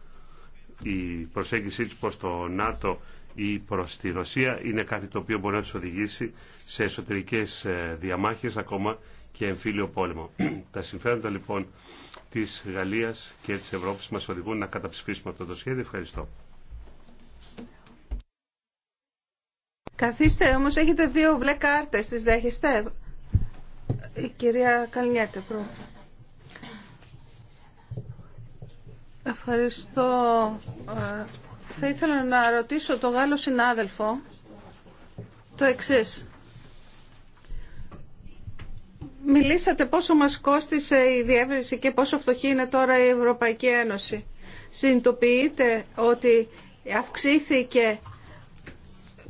S5: Η προσέγγιση της προς το ΝΑΤΟ ή προς τη Ρωσία είναι κάτι το οποίο μπορεί να τους οδηγήσει σε εσωτερικές ε, διαμάχες ακόμα και εμφύλιο πόλεμο. Τα συμφέροντα λοιπόν της Γαλλίας και της Ευρώπης μας οδηγούν να καταψηφίσουμε αυτό το σχέδιο. Ευχαριστώ.
S4: Καθίστε όμως έχετε δύο μπλε κάρτες, τις δέχεστε. Η κυρία Καλνιέτε πρώτα. Ευχαριστώ. Ε, θα ήθελα να ρωτήσω τον Γάλλο συνάδελφο το εξή. Μιλήσατε πόσο μας κόστισε η διεύρυνση και πόσο φτωχή είναι τώρα η Ευρωπαϊκή Ένωση. Συνειδητοποιείτε ότι αυξήθηκε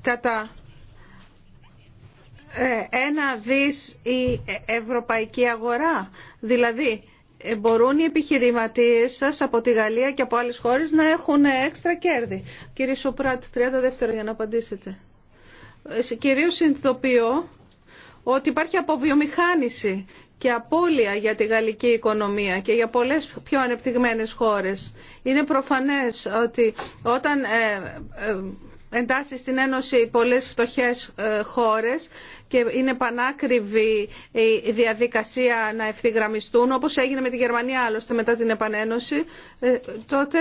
S4: κατά ε, ένα δις η ευρωπαϊκή αγορά. Δηλαδή μπορούν οι επιχειρηματίες σας από τη Γαλλία και από άλλες χώρες να έχουν έξτρα κέρδη. Κύριε Σοπράτ, 30 δεύτερα για να απαντήσετε. Ε, κυρίως συνειδητοποιώ ότι υπάρχει αποβιομηχάνηση και απώλεια για τη γαλλική οικονομία και για πολλές πιο ανεπτυγμένες χώρες. Είναι προφανές ότι όταν ε, ε, εντάσσει στην Ένωση πολλές φτωχές ε, χώρες και είναι πανάκριβη η διαδικασία να ευθυγραμμιστούν, όπως έγινε με τη Γερμανία άλλωστε μετά την επανένωση, ε, τότε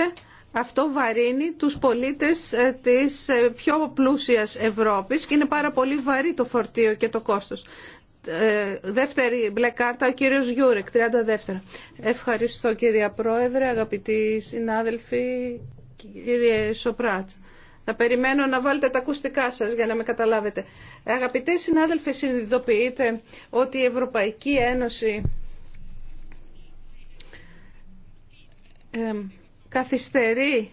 S4: αυτό βαρύνει τους πολίτες ε, της πιο πλούσιας Ευρώπης και είναι πάρα πολύ βαρύ το φορτίο και το κόστος. Δεύτερη μπλε κάρτα, ο κύριος Γιούρεκ, 32. Ευχαριστώ κυρία Πρόεδρε, αγαπητοί συνάδελφοι, κύριε Σοπράτ. Να περιμένω να βάλετε τα ακουστικά σας για να με καταλάβετε. Αγαπητές συνάδελφοι, συνειδητοποιείτε ότι η Ευρωπαϊκή Ένωση καθυστερεί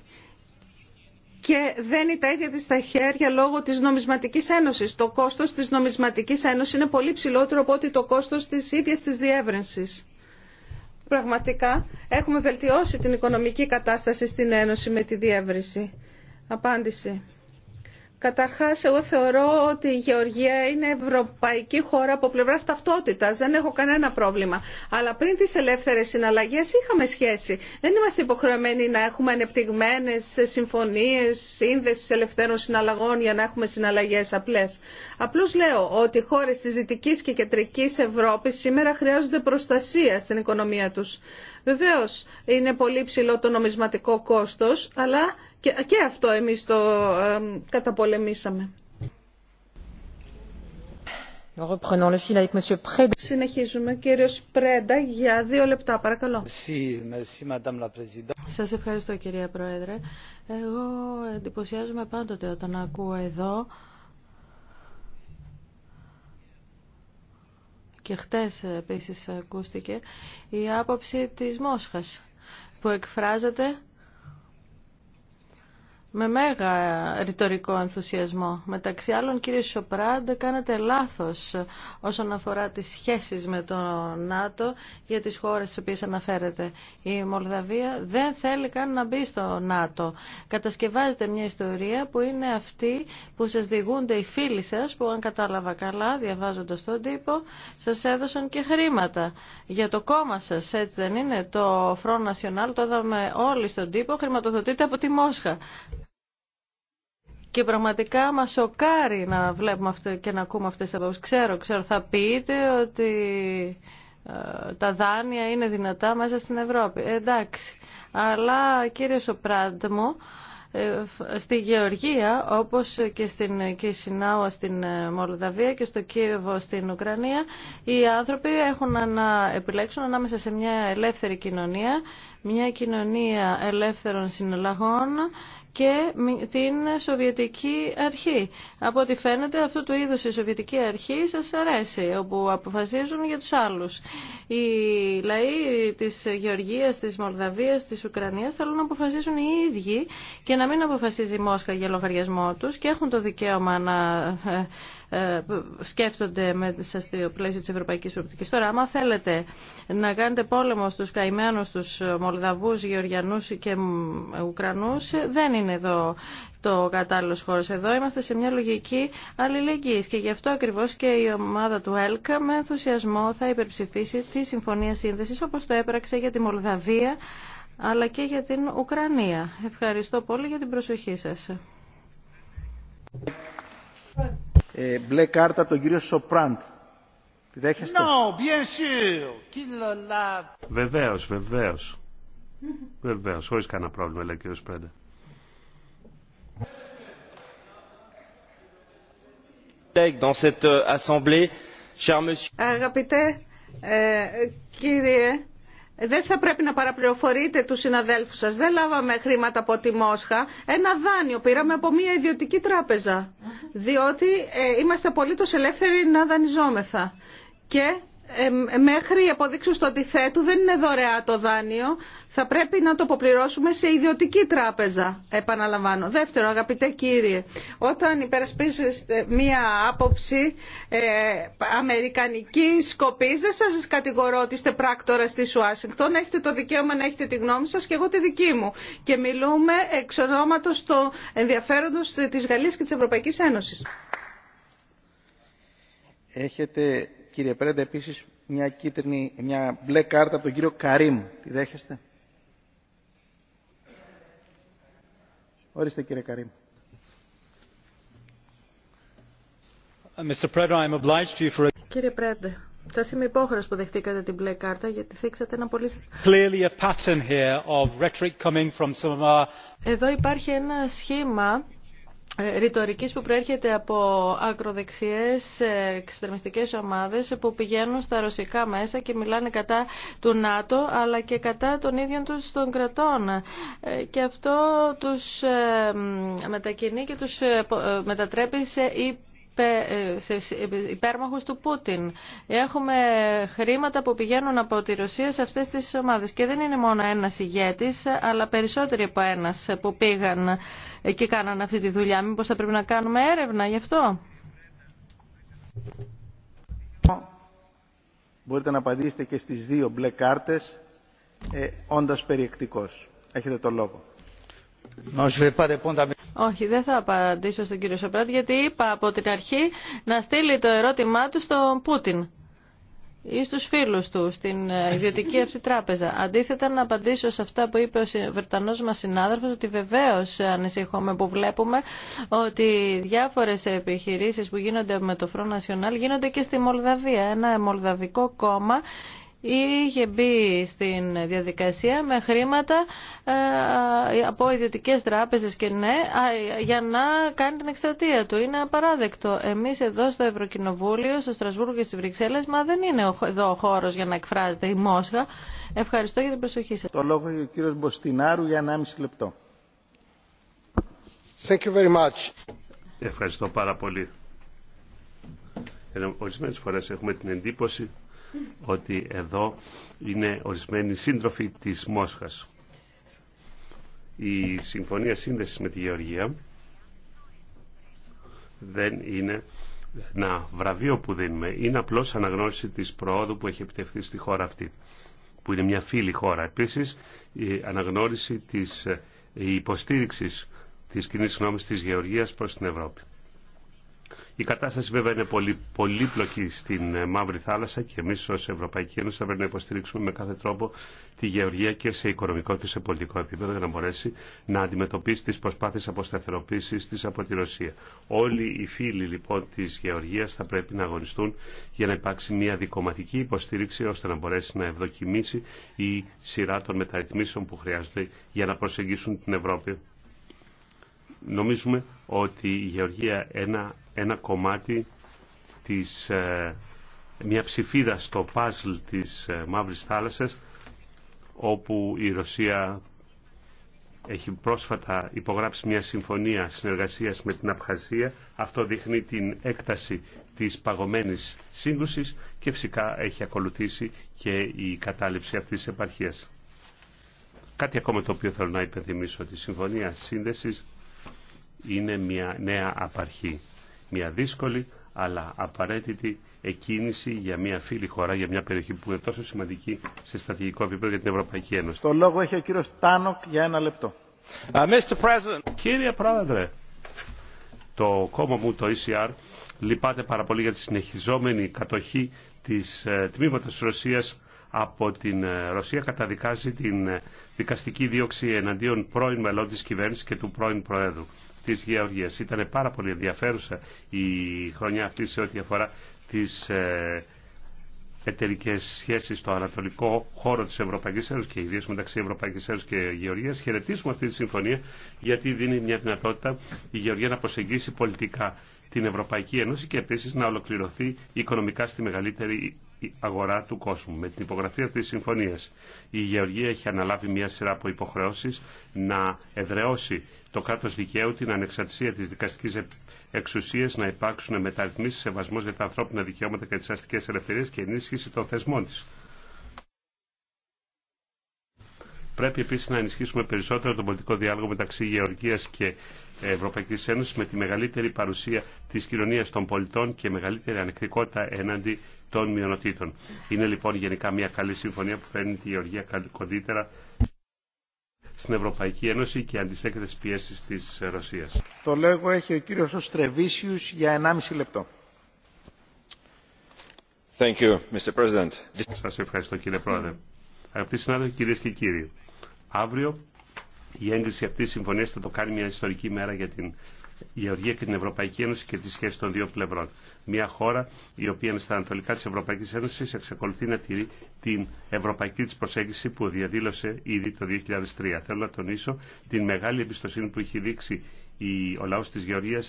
S4: και είναι τα ίδια της στα χέρια λόγω της νομισματικής ένωσης. Το κόστος της νομισματικής ένωσης είναι πολύ ψηλότερο από ότι το κόστος της ίδιας της διεύρυνσης. Πραγματικά έχουμε βελτιώσει την οικονομική κατάσταση στην Ένωση με τη διεύρυνση. Απάντηση. Καταρχάς, εγώ θεωρώ ότι η Γεωργία είναι ευρωπαϊκή χώρα από πλευρά ταυτότητα. Δεν έχω κανένα πρόβλημα. Αλλά πριν τι ελεύθερε συναλλαγέ είχαμε σχέση. Δεν είμαστε υποχρεωμένοι να έχουμε ανεπτυγμένε συμφωνίε, σύνδεση ελευθέρων συναλλαγών για να έχουμε συναλλαγέ απλέ. Απλώ λέω ότι οι χώρε τη Δυτική και Κεντρική Ευρώπη σήμερα χρειάζονται προστασία στην οικονομία του. Βεβαίω, είναι πολύ ψηλό το νομισματικό κόστο, αλλά και, αυτό εμείς το ε, καταπολεμήσαμε. Συνεχίζουμε. Κύριο Πρέντα, για δύο λεπτά, παρακαλώ.
S6: Σας ευχαριστώ, κυρία Πρόεδρε. Εγώ εντυπωσιάζομαι πάντοτε όταν ακούω εδώ και χτες επίσης ακούστηκε η άποψη της Μόσχας που εκφράζεται με μέγα ρητορικό ενθουσιασμό. Μεταξύ άλλων, κύριε Σοπράντ, κάνετε λάθος όσον αφορά τις σχέσεις με το ΝΑΤΟ για τις χώρες στις οποίες αναφέρετε. Η Μολδαβία δεν θέλει καν να μπει στο ΝΑΤΟ. Κατασκευάζεται μια ιστορία που είναι αυτή που σας διηγούνται οι φίλοι σας, που αν κατάλαβα καλά, διαβάζοντας τον τύπο, σας έδωσαν και χρήματα για το κόμμα σας, έτσι δεν είναι. Το Front National, το είδαμε όλοι στον τύπο, χρηματοδοτείται από τη Μόσχα. Και πραγματικά μα σοκάρει να βλέπουμε και να ακούμε αυτέ τι απόψει. Ξέρω, ξέρω, θα πείτε ότι ε, τα δάνεια είναι δυνατά μέσα στην Ευρώπη. Ε, εντάξει. Αλλά κύριε Σοπράντ μου, ε, στη Γεωργία όπως και στην Κισινάουα στην Μολδαβία και στο Κίεβο στην Ουκρανία οι άνθρωποι έχουν να επιλέξουν ανάμεσα σε μια ελεύθερη κοινωνία μια κοινωνία ελεύθερων συναλλαγών και την Σοβιετική Αρχή. Από ό,τι φαίνεται αυτού του είδους η Σοβιετική Αρχή σας αρέσει, όπου αποφασίζουν για τους άλλους. Οι λαοί της Γεωργίας, της Μολδαβίας, της Ουκρανίας θέλουν να αποφασίζουν οι ίδιοι και να μην αποφασίζει η Μόσχα για λογαριασμό τους και έχουν το δικαίωμα να ε, ε, σκέφτονται μέσα στο πλαίσιο τη Ευρωπαϊκή Προοπτική. Τώρα, άμα θέλετε να κάνετε πόλεμο στους καημένου, του Μολδαβού, Γεωργιανού και Ουκρανούς, δεν είναι εδώ το κατάλληλο χώρο. Εδώ είμαστε σε μια λογική αλληλεγγύη και γι' αυτό ακριβώ και η ομάδα του ΕΛΚΑ με ενθουσιασμό θα υπερψηφίσει τη Συμφωνία Σύνδεση όπω το έπραξε για τη Μολδαβία αλλά και για την Ουκρανία. Ευχαριστώ πολύ για την προσοχή σας
S7: ε, μπλε κάρτα τον κύριο Σοπράντ. Τη δέχεστε. No, bien
S3: sûr.
S7: Βεβαίως,
S5: βεβαίως. βεβαίως, χωρίς κανένα πρόβλημα, λέει ο κύριος Πρέντα.
S2: Dans cette euh, assemblée, cher
S4: Αγαπητέ, ε, κύριε δεν θα πρέπει να παραπληροφορείτε τους συναδέλφους σας. Δεν λάβαμε χρήματα από τη Μόσχα. Ένα δάνειο πήραμε από μια ιδιωτική τράπεζα. Διότι ε, είμαστε απολύτως ελεύθεροι να δανειζόμεθα. Και μέχρι αποδείξη στο αντιθέτου δεν είναι δωρεά το δάνειο. Θα πρέπει να το αποπληρώσουμε σε ιδιωτική τράπεζα, επαναλαμβάνω. Δεύτερο, αγαπητέ κύριε, όταν υπερασπίζεστε μία άποψη ε, αμερικανική σκοπή, δεν σας κατηγορώ ότι είστε πράκτορα τη Ουάσιγκτον. Έχετε το δικαίωμα να έχετε τη γνώμη σας και εγώ τη δική μου. Και μιλούμε εξ ονόματος του ενδιαφέροντος της Γαλλίας και της Ευρωπαϊκής Ένωσης.
S7: Έχετε κύριε Πρέντε, Επίσης μια, κίτρινη, μια μπλε κάρτα από τον κύριο Καρίμ. Τη δέχεστε. Ορίστε κύριε Καρίμ.
S3: Uh,
S6: κύριε Πρέντε, θα είμαι υπόχρεος που δεχτήκατε την μπλε κάρτα γιατί θίξατε ένα πολύ. Εδώ υπάρχει ένα σχήμα ε, ρητορική που προέρχεται από ακροδεξιές ε, εξτρεμιστικές ομάδες που πηγαίνουν στα ρωσικά μέσα και μιλάνε κατά του ΝΑΤΟ αλλά και κατά των ίδιων τους των κρατών. Ε, και αυτό τους μετακινεί και τους μετατρέπει σε υπέρμαχους του Πούτιν. Έχουμε χρήματα που πηγαίνουν από τη Ρωσία σε αυτές τις ομάδες. Και δεν είναι μόνο ένας ηγέτης, αλλά περισσότεροι από ένας που πήγαν και κάναν αυτή τη δουλειά. Μήπως θα πρέπει να κάνουμε έρευνα γι' αυτό.
S7: Μπορείτε να απαντήσετε και στις δύο μπλε κάρτες, ε, όντας περιεκτικός. Έχετε το λόγο.
S6: Όχι, δεν θα απαντήσω στον κύριο Σοπράτ, γιατί είπα από την αρχή να στείλει το ερώτημά του στον Πούτιν ή στους φίλους του στην ε, ιδιωτική αυτή τράπεζα. Αντίθετα να απαντήσω σε αυτά που είπε ο Βρετανός μας συνάδελφος ότι βεβαίως ανησυχούμε που βλέπουμε ότι διάφορες επιχειρήσεις που γίνονται με το Front National γίνονται και στη Μολδαβία. Ένα μολδαβικό κόμμα είχε μπει στην διαδικασία με χρήματα ε, από ιδιωτικέ τράπεζε και ναι, για να κάνει την εκστρατεία του. Είναι απαράδεκτο. Εμεί εδώ στο Ευρωκοινοβούλιο, στο Στρασβούργο και στι Βρυξέλλε, μα δεν είναι εδώ ο χώρο για να εκφράζεται η Μόσχα. Ευχαριστώ για την προσοχή σα. Το λόγο έχει ο κύριο Μποστινάρου για 1,5 λεπτό. Thank
S5: Ευχαριστώ πάρα πολύ. Ε, Ορισμένε φορέ έχουμε την εντύπωση ότι εδώ είναι ορισμένοι σύντροφοι της Μόσχας. Η συμφωνία σύνδεσης με τη Γεωργία δεν είναι ένα βραβείο που δίνουμε, είναι απλώς αναγνώριση της προόδου που έχει επιτευχθεί στη χώρα αυτή, που είναι μια φίλη χώρα. Επίσης, η αναγνώριση της ε, υποστήριξης της κοινή γνώμης της Γεωργίας προς την Ευρώπη. Η κατάσταση βέβαια είναι πολύ, πολύπλοκη στην ε, Μαύρη Θάλασσα και εμεί ω Ευρωπαϊκή Ένωση θα πρέπει να υποστηρίξουμε με κάθε τρόπο τη γεωργία και σε οικονομικό και σε πολιτικό επίπεδο για να μπορέσει να αντιμετωπίσει τι προσπάθειε αποσταθεροποίηση τη από τη Ρωσία. Όλοι οι φίλοι λοιπόν τη γεωργία θα πρέπει να αγωνιστούν για να υπάρξει μια δικοματική υποστήριξη ώστε να μπορέσει να ευδοκιμήσει η σειρά των μεταρρυθμίσεων που χρειάζονται για να προσεγγίσουν την Ευρώπη νομίζουμε ότι η γεωργία ένα, ένα κομμάτι της, ε, μια ψηφίδα στο παζλ της ε, Μαύρης Θάλασσας όπου η Ρωσία έχει πρόσφατα υπογράψει μια συμφωνία συνεργασίας με την Απχαζία. Αυτό δείχνει την έκταση της παγωμένης σύγκρουσης και φυσικά έχει ακολουθήσει και η κατάληψη αυτής της επαρχίας. Κάτι ακόμα το οποίο θέλω να υπενθυμίσω, τη Συμφωνία Σύνδεσης είναι μια νέα απαρχή. Μια δύσκολη αλλά απαραίτητη εκκίνηση για μια φίλη χώρα, για μια περιοχή που είναι τόσο σημαντική σε στρατηγικό επίπεδο για την Ευρωπαϊκή Ένωση. Το λόγο έχει ο κύριος Τάνοκ
S7: για ένα λεπτό.
S5: Uh, Κύριε Πρόεδρε, το κόμμα μου, το ECR, λυπάται πάρα πολύ για τη συνεχιζόμενη κατοχή της ε, τμήματος της Ρωσίας από την ε, Ρωσία καταδικάζει την ε, δικαστική δίωξη εναντίον πρώην μελών της κυβέρνησης και του πρώην Προέδρου της Γεωργίας. Ήταν πάρα πολύ ενδιαφέρουσα η χρονιά αυτή σε ό,τι αφορά τις ε, εταιρικέ σχέσει στο ανατολικό χώρο τη Ευρωπαϊκή Ένωση και ιδίω μεταξύ Ευρωπαϊκή Ένωση και Γεωργία. Χαιρετήσουμε αυτή τη συμφωνία γιατί δίνει μια δυνατότητα η Γεωργία να προσεγγίσει πολιτικά την Ευρωπαϊκή Ένωση και επίση να ολοκληρωθεί οικονομικά στη μεγαλύτερη αγορά του κόσμου. Με την υπογραφή αυτής της συμφωνίας η Γεωργία έχει αναλάβει μια σειρά από υποχρεώσεις να εδραιώσει το κράτος δικαίου, την ανεξαρτησία της δικαστικής εξουσίας, να υπάρξουν μεταρρυθμίσεις, σεβασμός για τα ανθρώπινα δικαιώματα και τις αστικές ελευθερίες και ενίσχυση των θεσμών της. Πρέπει επίση να ενισχύσουμε περισσότερο τον πολιτικό διάλογο μεταξύ Γεωργία και Ευρωπαϊκή Ένωση με τη μεγαλύτερη παρουσία τη κοινωνία των πολιτών και μεγαλύτερη ανεκτικότητα έναντι των μειονοτήτων. Είναι λοιπόν γενικά μια καλή συμφωνία που φέρνει τη Γεωργία κοντύτερα στην Ευρωπαϊκή Ένωση και αντιστέκεται στις πιέσεις της Ρωσίας.
S7: Το λέγω έχει ο κύριος Στρεβίσιους για 1,5 λεπτό.
S5: Thank you, Mr. President. Σας ευχαριστώ κύριε Πρόεδρε. Αγαπητοί συνάδελφοι κυρίε και κύριοι, αύριο η έγκριση αυτή της συμφωνίας θα το κάνει μια ιστορική μέρα για την Γεωργία και την Ευρωπαϊκή Ένωση και τη σχέση των δύο πλευρών. Μια χώρα η οποία είναι στα ανατολικά τη Ευρωπαϊκή Ένωση εξακολουθεί να τηρεί την ευρωπαϊκή τη προσέγγιση που διαδήλωσε ήδη το 2003. Θέλω να τονίσω την μεγάλη εμπιστοσύνη που έχει δείξει ο λαό τη Γεωργία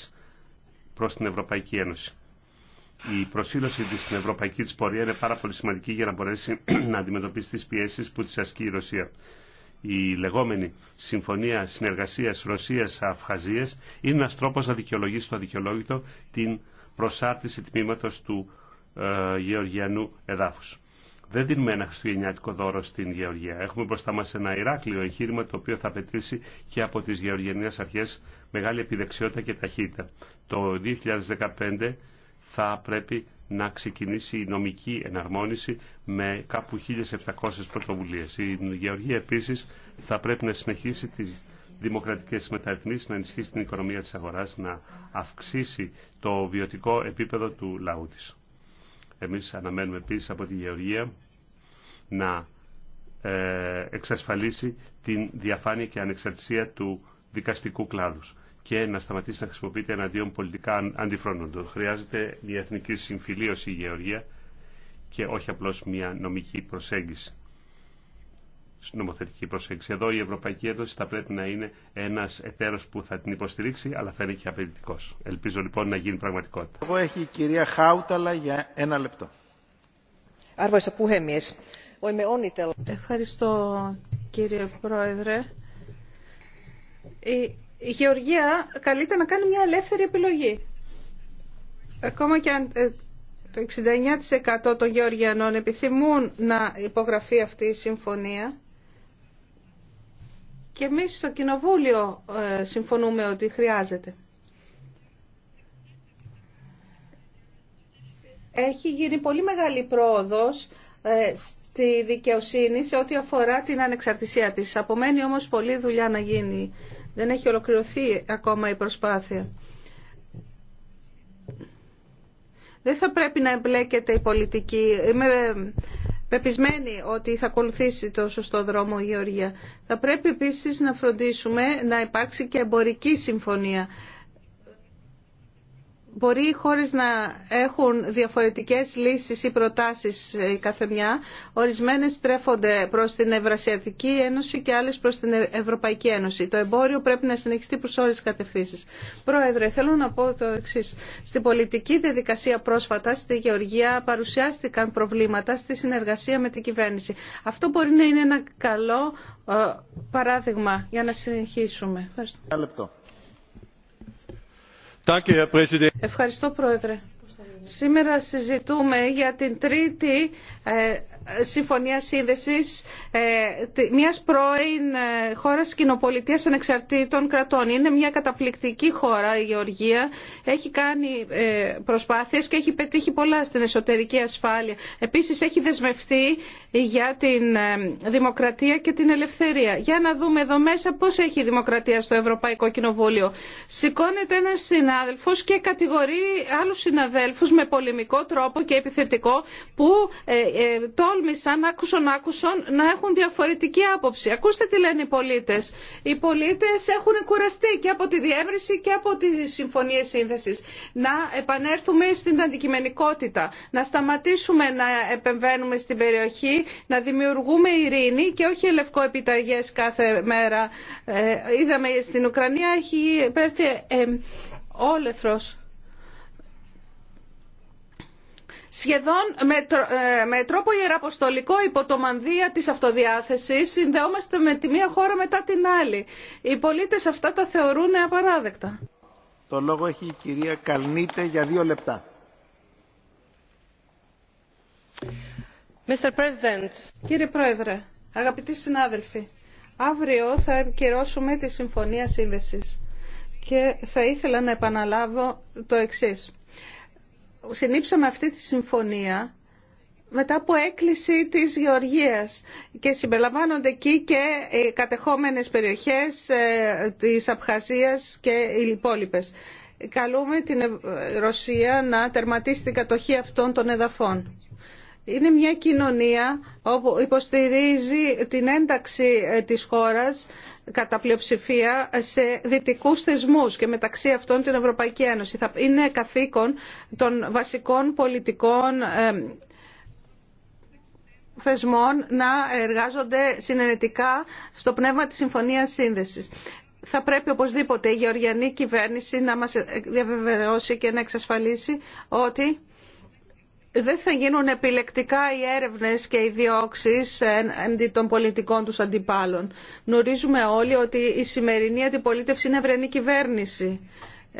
S5: προ την Ευρωπαϊκή Ένωση. Η προσήλωση τη στην ευρωπαϊκή τη πορεία είναι πάρα πολύ σημαντική για να μπορέσει να αντιμετωπίσει τι πιέσει που τη ασκεί η Ρωσία η λεγόμενη Συμφωνία Συνεργασίας Ρωσίας-Αφχαζίας είναι ένας τρόπος να δικαιολογήσει το αδικαιολόγητο την προσάρτηση τμήματος του ε, γεωργιανού εδάφους. Δεν δίνουμε ένα χριστουγεννιάτικο δώρο στην Γεωργία. Έχουμε μπροστά μας ένα Ηράκλειο εγχείρημα το οποίο θα απαιτήσει και από τις γεωργιανές αρχές μεγάλη επιδεξιότητα και ταχύτητα. Το 2015 θα πρέπει να ξεκινήσει η νομική εναρμόνιση με κάπου 1.700 πρωτοβουλίες. Η Γεωργία επίσης θα πρέπει να συνεχίσει τις δημοκρατικές μεταρρυθμίσεις, να ενισχύσει την οικονομία της αγοράς, να αυξήσει το βιωτικό επίπεδο του λαού της. Εμείς αναμένουμε επίσης από τη Γεωργία να ε, εξασφαλίσει την διαφάνεια και ανεξαρτησία του δικαστικού κλάδους και να σταματήσει να χρησιμοποιείται εναντίον πολιτικά αντιφρόνοντων. Χρειάζεται μια εθνική συμφιλίωση η Γεωργία και όχι απλώς μια νομική προσέγγιση. νομοθετική προσέγγιση. Εδώ η Ευρωπαϊκή Ένωση θα πρέπει να είναι ένας εταίρο που θα την υποστηρίξει, αλλά θα είναι και απαιτητικό. Ελπίζω λοιπόν να γίνει πραγματικότητα.
S7: έχει για ένα λεπτό.
S4: Ευχαριστώ κύριε Πρόεδρε η Γεωργία καλείται να κάνει μια ελεύθερη επιλογή. Ακόμα και αν ε, το 69% των Γεωργιανών επιθυμούν να υπογραφεί αυτή η συμφωνία και εμείς στο Κοινοβούλιο ε, συμφωνούμε ότι χρειάζεται. Έχει γίνει πολύ μεγάλη πρόοδος ε, στη δικαιοσύνη σε ό,τι αφορά την ανεξαρτησία της. Απομένει όμως πολλή δουλειά να γίνει δεν έχει ολοκληρωθεί ακόμα η προσπάθεια. Δεν θα πρέπει να εμπλέκεται η πολιτική. Είμαι πεπισμένη ότι θα ακολουθήσει το σωστό δρόμο η Γεωργία. Θα πρέπει επίσης να φροντίσουμε να υπάρξει και εμπορική συμφωνία μπορεί οι χώρες να έχουν διαφορετικές λύσεις ή προτάσεις η ε, προτασεις Ορισμένες στρέφονται προς την Ευρασιατική Ένωση και άλλες προς την ε- Ευρωπαϊκή Ένωση. Το εμπόριο πρέπει να συνεχιστεί προς όλες τις κατευθύνσεις. Πρόεδρε, θέλω να πω το εξή Στην πολιτική διαδικασία πρόσφατα στη Γεωργία παρουσιάστηκαν προβλήματα στη συνεργασία με την κυβέρνηση. Αυτό μπορεί να είναι ένα καλό ε, παράδειγμα για να συνεχίσουμε.
S7: Ευχαριστώ.
S4: Ευχαριστώ, Πρόεδρε. Σήμερα συζητούμε για την τρίτη ε, συμφωνία σύνδεσης ε, μιας πρώην ε, χώρας κοινοπολιτείας ανεξαρτήτων κρατών. Είναι μια καταπληκτική χώρα η Γεωργία. Έχει κάνει προσπάθειες και έχει πετύχει πολλά στην εσωτερική ασφάλεια. Επίσης έχει δεσμευτεί για την δημοκρατία και την ελευθερία. Για να δούμε εδώ μέσα πώς έχει η δημοκρατία στο Ευρωπαϊκό Κοινοβούλιο. Σηκώνεται ένα συνάδελφο και κατηγορεί άλλου συναδέλφου με πολεμικό τρόπο και επιθετικό που ε, τόλμησαν, άκουσαν, άκουσαν να έχουν διαφορετική άποψη. Ακούστε τι λένε οι πολίτες. Οι πολίτε έχουν κουραστεί και από τη διεύρυνση και από τι συμφωνίε σύνθεσης. Να επανέλθουμε στην αντικειμενικότητα, να σταματήσουμε να επεμβαίνουμε στην περιοχή, να δημιουργούμε ειρήνη και όχι λευκό επιταγέ κάθε μέρα. Ε, είδαμε στην Ουκρανία έχει πέρθει ε, όλεθρος. σχεδόν ε, με τρόπο ιεραποστολικό υπό το μανδύα της αυτοδιάθεσης συνδεόμαστε με τη μία χώρα μετά την άλλη. Οι πολίτες αυτά τα θεωρούν απαράδεκτα.
S7: Το λόγο έχει η κυρία Καλνίτε για δύο λεπτά.
S4: Mr. President. Κύριε Πρόεδρε, αγαπητοί συνάδελφοι, αύριο θα επικυρώσουμε τη Συμφωνία Σύνδεσης και θα ήθελα να επαναλάβω το εξής συνήψαμε αυτή τη συμφωνία μετά από έκκληση της Γεωργίας και συμπεριλαμβάνονται εκεί και οι κατεχόμενες περιοχές ε, της Απχαζίας και οι υπόλοιπες. Καλούμε την Ρωσία να τερματίσει την κατοχή αυτών των εδαφών. Είναι μια κοινωνία όπου υποστηρίζει την ένταξη ε, της χώρας κατά πλειοψηφία σε δυτικού θεσμούς και μεταξύ αυτών την Ευρωπαϊκή Ένωση. Θα είναι καθήκον των βασικών πολιτικών θεσμών να εργάζονται συνενετικά στο πνεύμα της Συμφωνίας Σύνδεσης. Θα πρέπει οπωσδήποτε η γεωργιανή κυβέρνηση να μας διαβεβαιώσει και να εξασφαλίσει ότι δεν θα γίνουν επιλεκτικά οι έρευνες και οι διώξεις αντί των πολιτικών τους αντιπάλων. Γνωρίζουμε όλοι ότι η σημερινή αντιπολίτευση είναι ευρενή κυβέρνηση.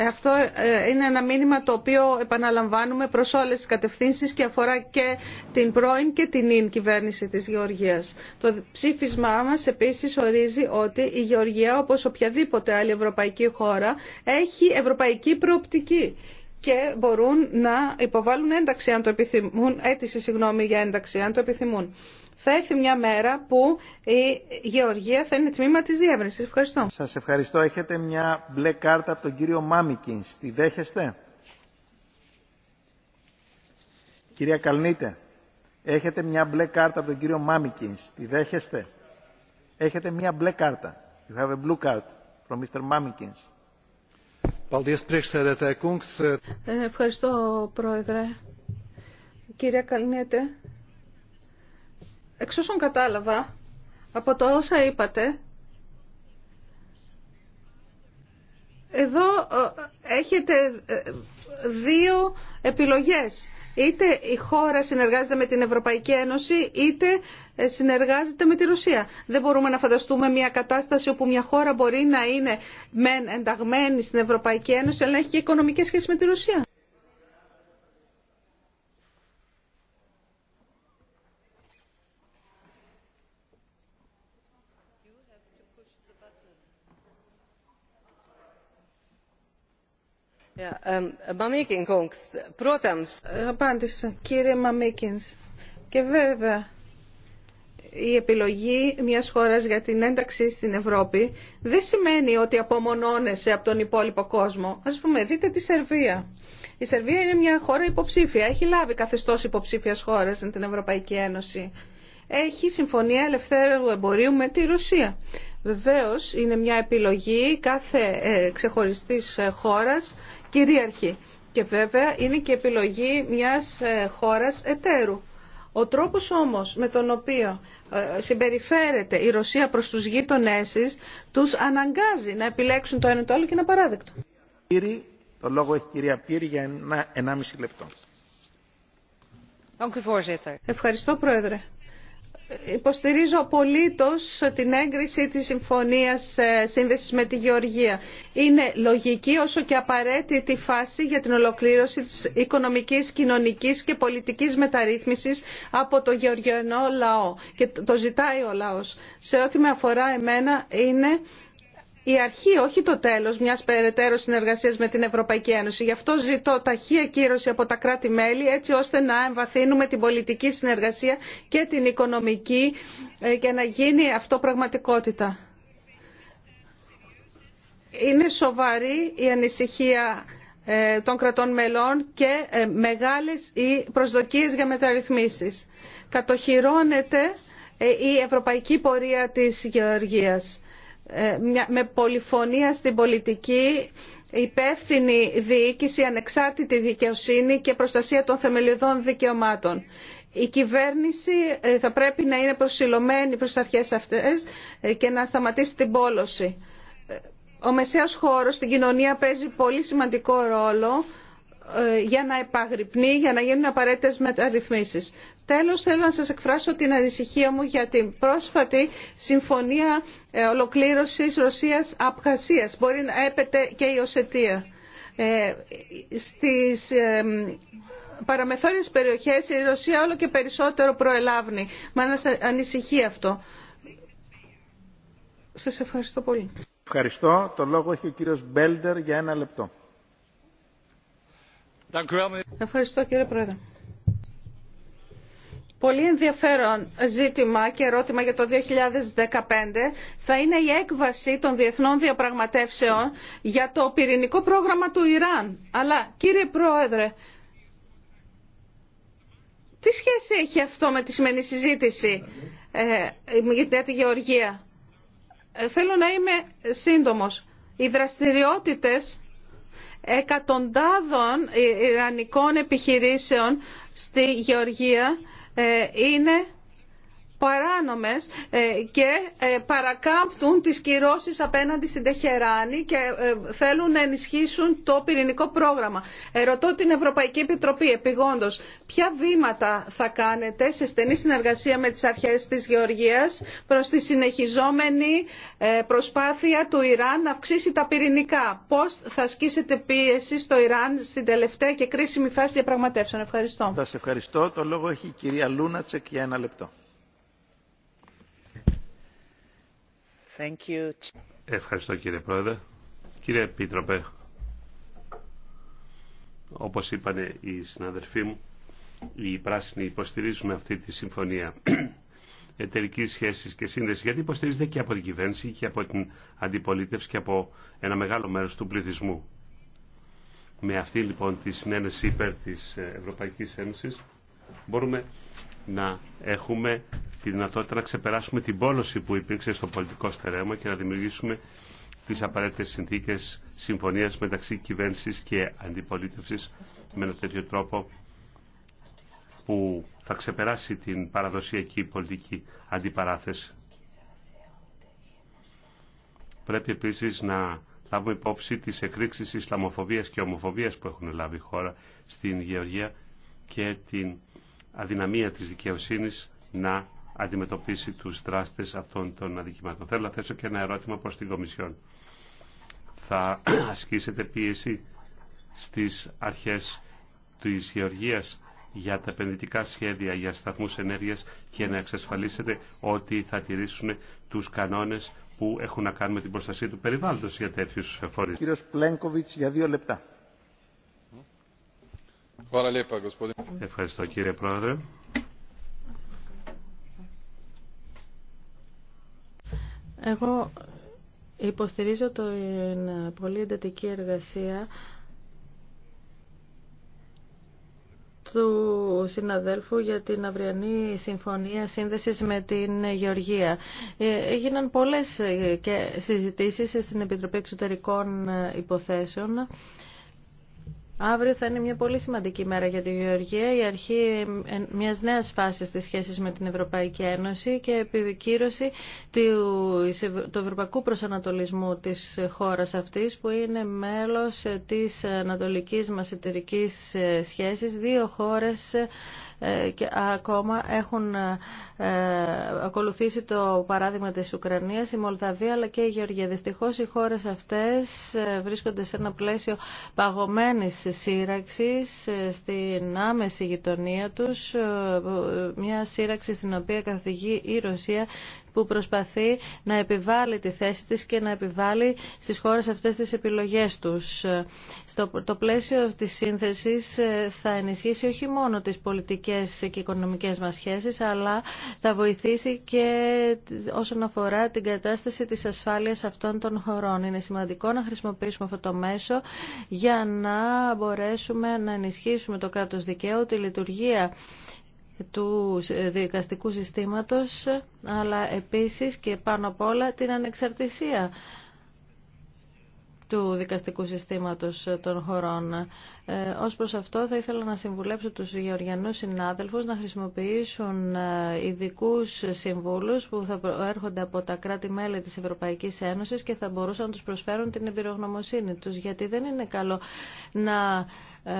S4: Αυτό ε, είναι ένα μήνυμα το οποίο επαναλαμβάνουμε προς όλες τις κατευθύνσεις και αφορά και την πρώην και την ειν κυβέρνηση της Γεωργίας. Το ψήφισμά μας επίσης ορίζει ότι η Γεωργία όπως οποιαδήποτε άλλη ευρωπαϊκή χώρα έχει ευρωπαϊκή προοπτική και μπορούν να υποβάλουν ένταξη αν το επιθυμούν, αίτηση συγγνώμη για ένταξη αν το επιθυμούν. Θα έρθει μια μέρα που η Γεωργία θα είναι τμήμα της διεύρυνσης. Ευχαριστώ. Σας ευχαριστώ. Έχετε μια μπλε κάρτα από τον κύριο Μάμικινς. Τη δέχεστε.
S7: Κυρία Καλνίτε, έχετε μια μπλε κάρτα από τον κύριο Μάμικινς. Τη δέχεστε. Έχετε μια μπλε κάρτα. You have a blue card from Mr. Mamikins. Ε,
S4: ευχαριστώ, Πρόεδρε. Κυρία Καλνιέτε, εξ όσων κατάλαβα, από το όσα είπατε, εδώ ε, έχετε ε, δύο επιλογές. Είτε η χώρα συνεργάζεται με την Ευρωπαϊκή Ένωση, είτε ε, συνεργάζεται με τη Ρωσία. Δεν μπορούμε να φανταστούμε μια κατάσταση όπου μια χώρα μπορεί να είναι μεν ενταγμένη στην Ευρωπαϊκή Ένωση, αλλά να έχει και οικονομικές σχέσεις με τη Ρωσία. Um, Απάντησα, κύριε Μαμίκινς. Και βέβαια, η επιλογή μιας χώρας για την ένταξη στην Ευρώπη δεν σημαίνει ότι απομονώνεσαι από τον υπόλοιπο κόσμο. Ας πούμε, δείτε τη Σερβία. Η Σερβία είναι μια χώρα υποψήφια. Έχει λάβει καθεστώς υποψήφιας χώρας στην Ευρωπαϊκή Ένωση. Έχει συμφωνία ελευθέρου εμπορίου με τη Ρωσία. Βεβαίως είναι μια επιλογή κάθε ε, ξεχωριστής ε, χώρας κυρίαρχη και βέβαια είναι και επιλογή μιας ε, χώρας εταίρου. Ο τρόπος όμως με τον οποίο συμπεριφέρεται η Ρωσία προς τους γείτονές της τους αναγκάζει να επιλέξουν το ένα το άλλο και είναι απαράδεκτο.
S7: το λόγο έχει κυρία για λεπτό.
S4: Ευχαριστώ Πρόεδρε. Υποστηρίζω απολύτω την έγκριση της συμφωνίας ε, σύνδεσης με τη Γεωργία. Είναι λογική όσο και απαραίτητη φάση για την ολοκλήρωση της οικονομικής, κοινωνικής και πολιτικής μεταρρύθμισης από το γεωργιανό λαό. Και το ζητάει ο λαός. Σε ό,τι με αφορά εμένα είναι η αρχή, όχι το τέλος μιας περαιτέρω συνεργασίας με την Ευρωπαϊκή Ένωση. Γι' αυτό ζητώ ταχεία κύρωση από τα κράτη-μέλη έτσι ώστε να εμβαθύνουμε την πολιτική συνεργασία και την οικονομική ε, και να γίνει αυτό πραγματικότητα. Είναι σοβαρή η ανησυχία ε, των κρατών μελών και ε, μεγάλες οι προσδοκίες για μεταρρυθμίσεις. Κατοχυρώνεται η ευρωπαϊκή πορεία της Γεωργίας ε, με πολυφωνία στην πολιτική, υπεύθυνη διοίκηση, ανεξάρτητη δικαιοσύνη και προστασία των θεμελιωδών δικαιωμάτων. Η κυβέρνηση ε, θα πρέπει να είναι προσιλωμένη προς αρχές αυτές ε, και να σταματήσει την πόλωση. Ο μεσαίος χώρος στην κοινωνία παίζει πολύ σημαντικό ρόλο ε, για να επαγρυπνεί, για να γίνουν απαραίτητες μεταρρυθμίσεις. Τέλος, θέλω να σας εκφράσω την ανησυχία μου για την πρόσφατη συμφωνία ε, ολοκλήρωσης Ρωσίας-Απχασίας. Μπορεί να έπεται και η Οσετία. Ε, στις ε, περιοχές η Ρωσία όλο και περισσότερο προελάβνει. Μα να ανησυχεί αυτό. Σας ευχαριστώ πολύ.
S7: Ευχαριστώ. Το λόγο έχει ο κύριος Μπέλντερ για ένα λεπτό.
S4: Ευχαριστώ κύριε Πρόεδρε. Πολύ ενδιαφέρον ζήτημα και ερώτημα για το 2015 θα είναι η έκβαση των διεθνών διαπραγματεύσεων για το πυρηνικό πρόγραμμα του Ιράν. Αλλά κύριε Πρόεδρε, τι σχέση έχει αυτό με τη σημερινή συζήτηση ε, για τη Γεωργία. Ε, θέλω να είμαι σύντομος. Οι δραστηριότητες εκατοντάδων Ιρανικών επιχειρήσεων στη Γεωργία ε, είναι παράνομες ε, και ε, παρακάμπτουν τις κυρώσεις απέναντι στην Τεχεράνη και ε, θέλουν να ενισχύσουν το πυρηνικό πρόγραμμα. Ερωτώ την Ευρωπαϊκή Επιτροπή επιγόντως ποια βήματα θα κάνετε σε στενή συνεργασία με τις αρχές της Γεωργίας προς τη συνεχιζόμενη προσπάθεια του Ιράν να αυξήσει τα πυρηνικά. Πώς θα ασκήσετε πίεση στο Ιράν στην τελευταία και κρίσιμη φάση διαπραγματεύσεων. Ευχαριστώ. Σας
S7: ευχαριστώ. Το λόγο έχει η κυρία Λούνατσεκ για ένα λεπτό.
S5: Ευχαριστώ κύριε Πρόεδρε. Κύριε Επίτροπε, όπως είπαν οι συναδελφοί μου, οι πράσινοι υποστηρίζουν αυτή τη συμφωνία εταιρική σχέση και σύνδεση, γιατί υποστηρίζεται και από την κυβέρνηση και από την αντιπολίτευση και από ένα μεγάλο μέρος του πληθυσμού. Με αυτή λοιπόν τη συνένεση υπέρ της Ευρωπαϊκής Ένωσης μπορούμε να έχουμε τη δυνατότητα να ξεπεράσουμε την πόλωση που υπήρξε στο πολιτικό στερέωμα και να δημιουργήσουμε τις απαραίτητε συνθήκε συμφωνίας μεταξύ κυβέρνηση και αντιπολίτευσης με ένα τέτοιο τρόπο που θα ξεπεράσει την παραδοσιακή πολιτική αντιπαράθεση. Πρέπει επίσης να λάβουμε υπόψη τις εκρήξεις Ισλαμοφοβίας και ομοφοβίας που έχουν λάβει η χώρα στην Γεωργία και την αδυναμία της δικαιοσύνης να αντιμετωπίσει τους δράστες αυτών των αδικημάτων. Θέλω να θέσω και ένα ερώτημα προς την Κομισιόν. Θα ασκήσετε πίεση στις αρχές της Γεωργίας για τα επενδυτικά σχέδια για σταθμούς ενέργειας και να εξασφαλίσετε ότι θα τηρήσουν τους κανόνες που έχουν να κάνουν με την προστασία του περιβάλλοντος για τέτοιους φορείς.
S7: για δύο λεπτά.
S5: Ευχαριστώ κύριε Πρόεδρε.
S6: Εγώ υποστηρίζω την πολύ εντατική εργασία του συναδέλφου για την αυριανή συμφωνία σύνδεσης με την Γεωργία. Ε, έγιναν πολλές ε, συζητήσεις στην Επιτροπή Εξωτερικών Υποθέσεων Αύριο θα είναι μια πολύ σημαντική μέρα για τη Γεωργία, η αρχή μιας νέας φάσης στις σχέσεις με την Ευρωπαϊκή Ένωση και επικύρωση του ευρωπαϊκού προσανατολισμού της χώρας αυτής που είναι μέλος της ανατολικής μας εταιρικής ε, σχέσης, δύο χώρες ε, και ακόμα έχουν ε, ακολουθήσει το παράδειγμα της Ουκρανίας, η Μολδαβία αλλά και η Γεωργία. Δυστυχώς οι χώρες αυτές ε, βρίσκονται σε ένα πλαίσιο παγωμένης σύραξης στην άμεση γειτονία τους, μια σύραξη στην οποία καθηγεί η Ρωσία που προσπαθεί να επιβάλλει τη θέση της και να επιβάλλει στις χώρες αυτές τις επιλογές τους. Στο, το πλαίσιο της σύνθεσης ε, θα ενισχύσει όχι μόνο τις πολιτικές και οικονομικές μας σχέσεις, αλλά θα βοηθήσει και όσον αφορά την κατάσταση της ασφάλειας αυτών των χωρών. Είναι σημαντικό να χρησιμοποιήσουμε αυτό το μέσο για να μπορέσουμε να ενισχύσουμε το κράτος δικαίου, τη λειτουργία του δικαστικού συστήματος, αλλά επίσης και πάνω απ' όλα την ανεξαρτησία του δικαστικού συστήματος των χωρών. Ε, ως προς αυτό θα ήθελα να συμβουλέψω τους γεωργιανούς συνάδελφους να χρησιμοποιήσουν ε, ειδικού συμβούλους που θα έρχονται από τα κράτη-μέλη της Ευρωπαϊκής Ένωσης και θα μπορούσαν να τους προσφέρουν την εμπειρογνωμοσύνη τους, γιατί δεν είναι καλό να... Ε,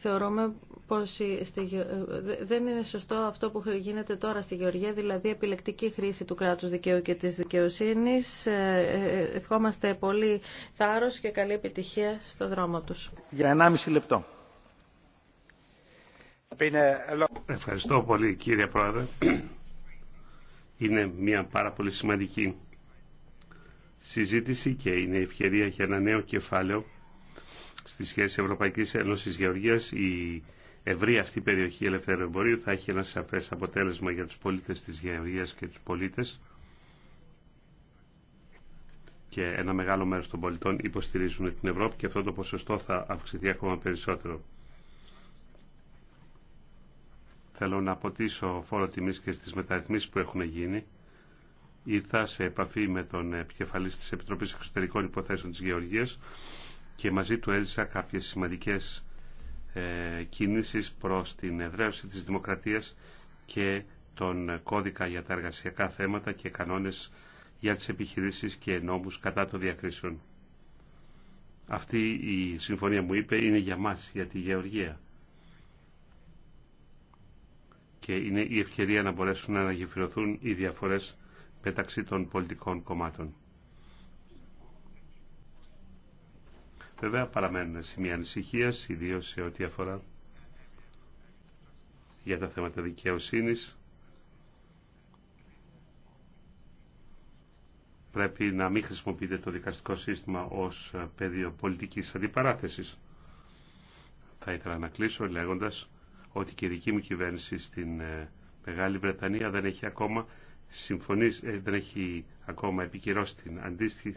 S6: θεωρούμε πως ε, δεν είναι σωστό αυτό που γίνεται τώρα στη Γεωργία, δηλαδή επιλεκτική χρήση του κράτους δικαίου και της δικαιοσύνης. Ε, ε, ευχόμαστε πολύ θάρρος και καλή επιτυχία στο δρόμο τους.
S7: Για 1,5 λεπτό. Ευχαριστώ
S5: πολύ κύριε Πρόεδρε. Είναι μια πάρα πολύ σημαντική συζήτηση και είναι ευκαιρία για ένα νέο κεφάλαιο στη σχέση Ευρωπαϊκής Ένωσης Γεωργίας. Η ευρύ αυτή η περιοχή ελευθερου εμπορίου θα έχει ένα σαφές αποτέλεσμα για τους πολίτες της Γεωργίας και τους πολίτες και ένα μεγάλο μέρος των πολιτών υποστηρίζουν την Ευρώπη και αυτό το ποσοστό θα αυξηθεί ακόμα περισσότερο. Θέλω να αποτίσω φόρο τιμής και στις μεταρρυθμίσεις που έχουν γίνει. Ήρθα σε επαφή με τον επικεφαλής της Επιτροπής Εξωτερικών Υποθέσεων της Γεωργίας και μαζί του έζησα κάποιες σημαντικές ε, κίνησης προς την εδραίωση της δημοκρατίας και τον κώδικα για τα εργασιακά θέματα και κανόνες για τις επιχειρήσεις και νόμους κατά των διακρίσεων. Αυτή η συμφωνία μου είπε είναι για μας, για τη Γεωργία. Και είναι η ευκαιρία να μπορέσουν να αναγεφυρωθούν οι διαφορές μεταξύ των πολιτικών κομμάτων. Βέβαια παραμένουν σημεία ανησυχία, ιδίω σε ό,τι αφορά για τα θέματα δικαιοσύνη. Πρέπει να μην χρησιμοποιείται το δικαστικό σύστημα ως πεδίο πολιτικής αντιπαράθεσης. Θα ήθελα να κλείσω λέγοντας ότι και η δική μου κυβέρνηση στην ε, Μεγάλη Βρετανία δεν έχει ακόμα συμφωνήσει, ε, δεν έχει ακόμα επικυρώσει την αντίστοιχη